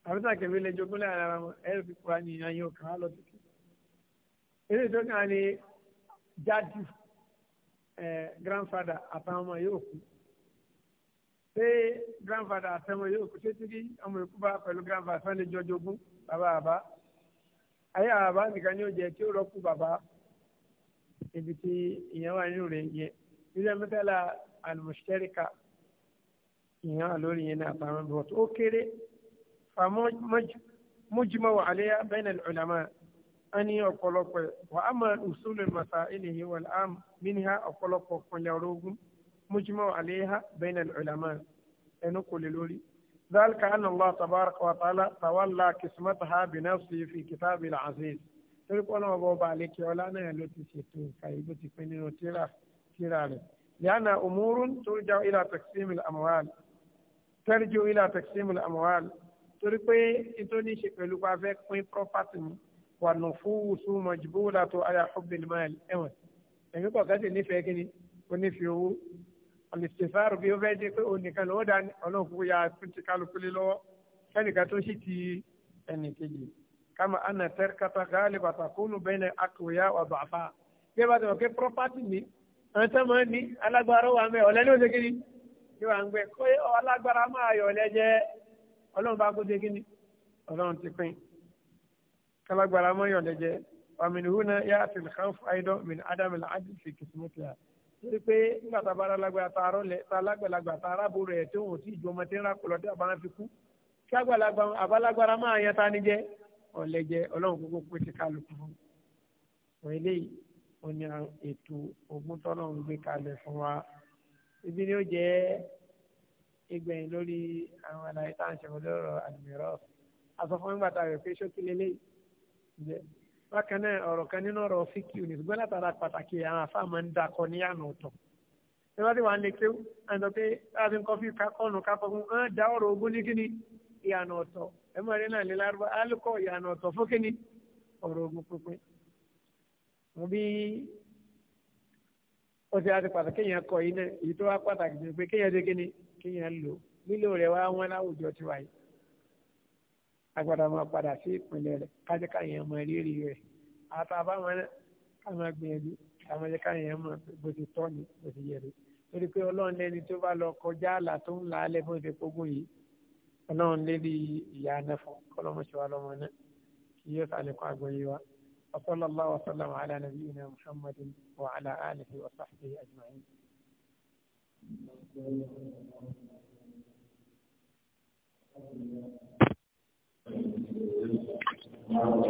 àbúrò kẹ̀mí lè jogún láàrin ara wọn ẹ̀rù fi kùránù yìnyín yóò kàn á lọ títí. eré tó kàn án ni grandfather àtàwọn ọmọ yóò kú ṣé grandfather àtàwọn ọmọ yóò kú ṣé tí ọmọ yòókù bá pẹ̀lú grandfather sọ́ni jọjogún bàbá bàbá ayé àbá nìkan ni ó jẹ tí ó rọ́pù bàbá ibi tí ìyẹn wà nínú rẹ̀ yẹ nílẹ̀ mẹ́tàlá àlùmọ̀ṣẹ́ríkà ìyẹn wà lórí yẹn náà pàmò bọ̀ tó kéré fa mọ́júmọ́ wà aléyá bẹ́ẹ̀nà ìlànà a ní ọ̀pọ̀lọpọ̀ wà á máa usulul masaili wà á mìíràn ọ̀pọ̀lọpọ̀ kọlẹ̀ orógún mọ́júmọ́ wà aléyá bẹ́ẹ̀nà ìlànà ẹnu kò lè lórí. ذلك أن الله تبارك وتعالى تولى قسمتها بنفسه في كتاب العزيز torí pọ́n náà ọba àlekè ọlá náà ló ti ṣètò nǹkan yìí bó ti pín nínú tíra tíra rẹ̀ lẹ́yìnà umurun turja ila taksimil amwal tẹ́rìjú ila taksimil amwal torí pé nítorí ṣe pẹ̀lú bá fẹ́ pín property mu wà nù fúwùsù mọ̀jìbúwùlà tó ayà hubbil mal ẹ̀wọ̀n ẹ̀mí kọ̀ọ̀kan sì nífẹ̀ẹ́ kí ni onífẹ̀ẹ́ owó alistifaru bí ó fẹ́ jẹ́ pé onìkan lọ́wọ́ dání ọlọ́run kúkú ya tún ti kálukú lé lọ́wọ́ kẹ́nìkan tó sì ti ẹnì kejì kama ana tẹ́rkata gáàlìbà takunu bẹ́ẹ̀ akọ̀yà wà bàbá bí ẹ bá property ni àwọn tó máa ń ní alágbára wà mẹ́ ọ̀lẹ́ ní òṣèkiri ni wà ń gbẹ kó alágbára máa yọ̀ ọ̀lẹ́ jẹ́ ọlọ́run bá kó dégí ni ọlọ́run ti pín kálágbára máa yọ̀ ọ̀lẹ́ jẹ́ wàmìnì húnà yá àti lùkànfù àìdọ́ mìnì ádámì àdì fi kìsìmọ́tì à torí pé nígbà tá a bá alágbára tá a rọlẹ̀ tá alágbàlagbà tá arábò rẹ̀ tí òun ò tí ì ju ọmọ tí ń rákò lọ́dẹ́ fi kú kí agbàlagbà àbálágbára máa yan ta ni jẹ́ ọ̀lẹ́jẹ́ ọlọ́run gbogbo pé ti kálukú fún un eléyìí ó ní ètò ogún tọ́lọ́run gbé kalẹ̀ fún wa ibi ni ó jẹ́ ìgbẹ̀yìn lórí àwọn àlàyé tá à ń ṣe lọ́rọ̀ àdìmíràn aṣọ fún nígbà tá a rẹ̀ pé ṣókí lélẹ́yìí jẹ́ bákan náà ọ̀rọ̀ kan nínú ọ̀rọ̀ fíkìú ní ṣùgbọ́n látara pàtàkì àwọn àfáà máa ń dakọ ní àná ọ̀tọ̀ ẹ bá ti wà ní kéwú àti pé láti ń kọ́ fí kakọ́nù fún ọ́n dá ọ̀rọ̀ ogún ní kíni ìyànà ọ̀tọ̀ ẹ máa rí náà ní lárúbá alukọ ìyànà ọ̀tọ̀ fún kínní ọ̀rọ̀ ogun pínpín wọn bí ó ti àti pàtàkì kéèyàn kọ yìí náà èyí tó wá pàtàkì jù pé kéèyàn ṣe kínní kéèyàn lò lílo rẹ̀ wá wọn láwùjọ ti wáyé agbada máa padà sí ìpínlẹ̀ rẹ̀ kájẹ́ káyẹn mọ rírì rẹ̀ àtàbáwọn náà gbìyànjú àwọn ẹ̀jẹ̀ káyẹn mọ bó ti tọ́ ni bó ti yẹ lórí pé ọlọ́run lẹ́ni tó bá lọ kọjá àlà tó ń la alẹ́ fún ìfipógún yìí ọlọ́run lérí ìyá anáfọ́ kọlọ́mọṣẹ́ wa lọ́mọ náà kí yóò sàlékún àgbọ́yé wa وصلى الله وسلم على نبينا محمد وعلى آله وصحبه أجمعين Thank you.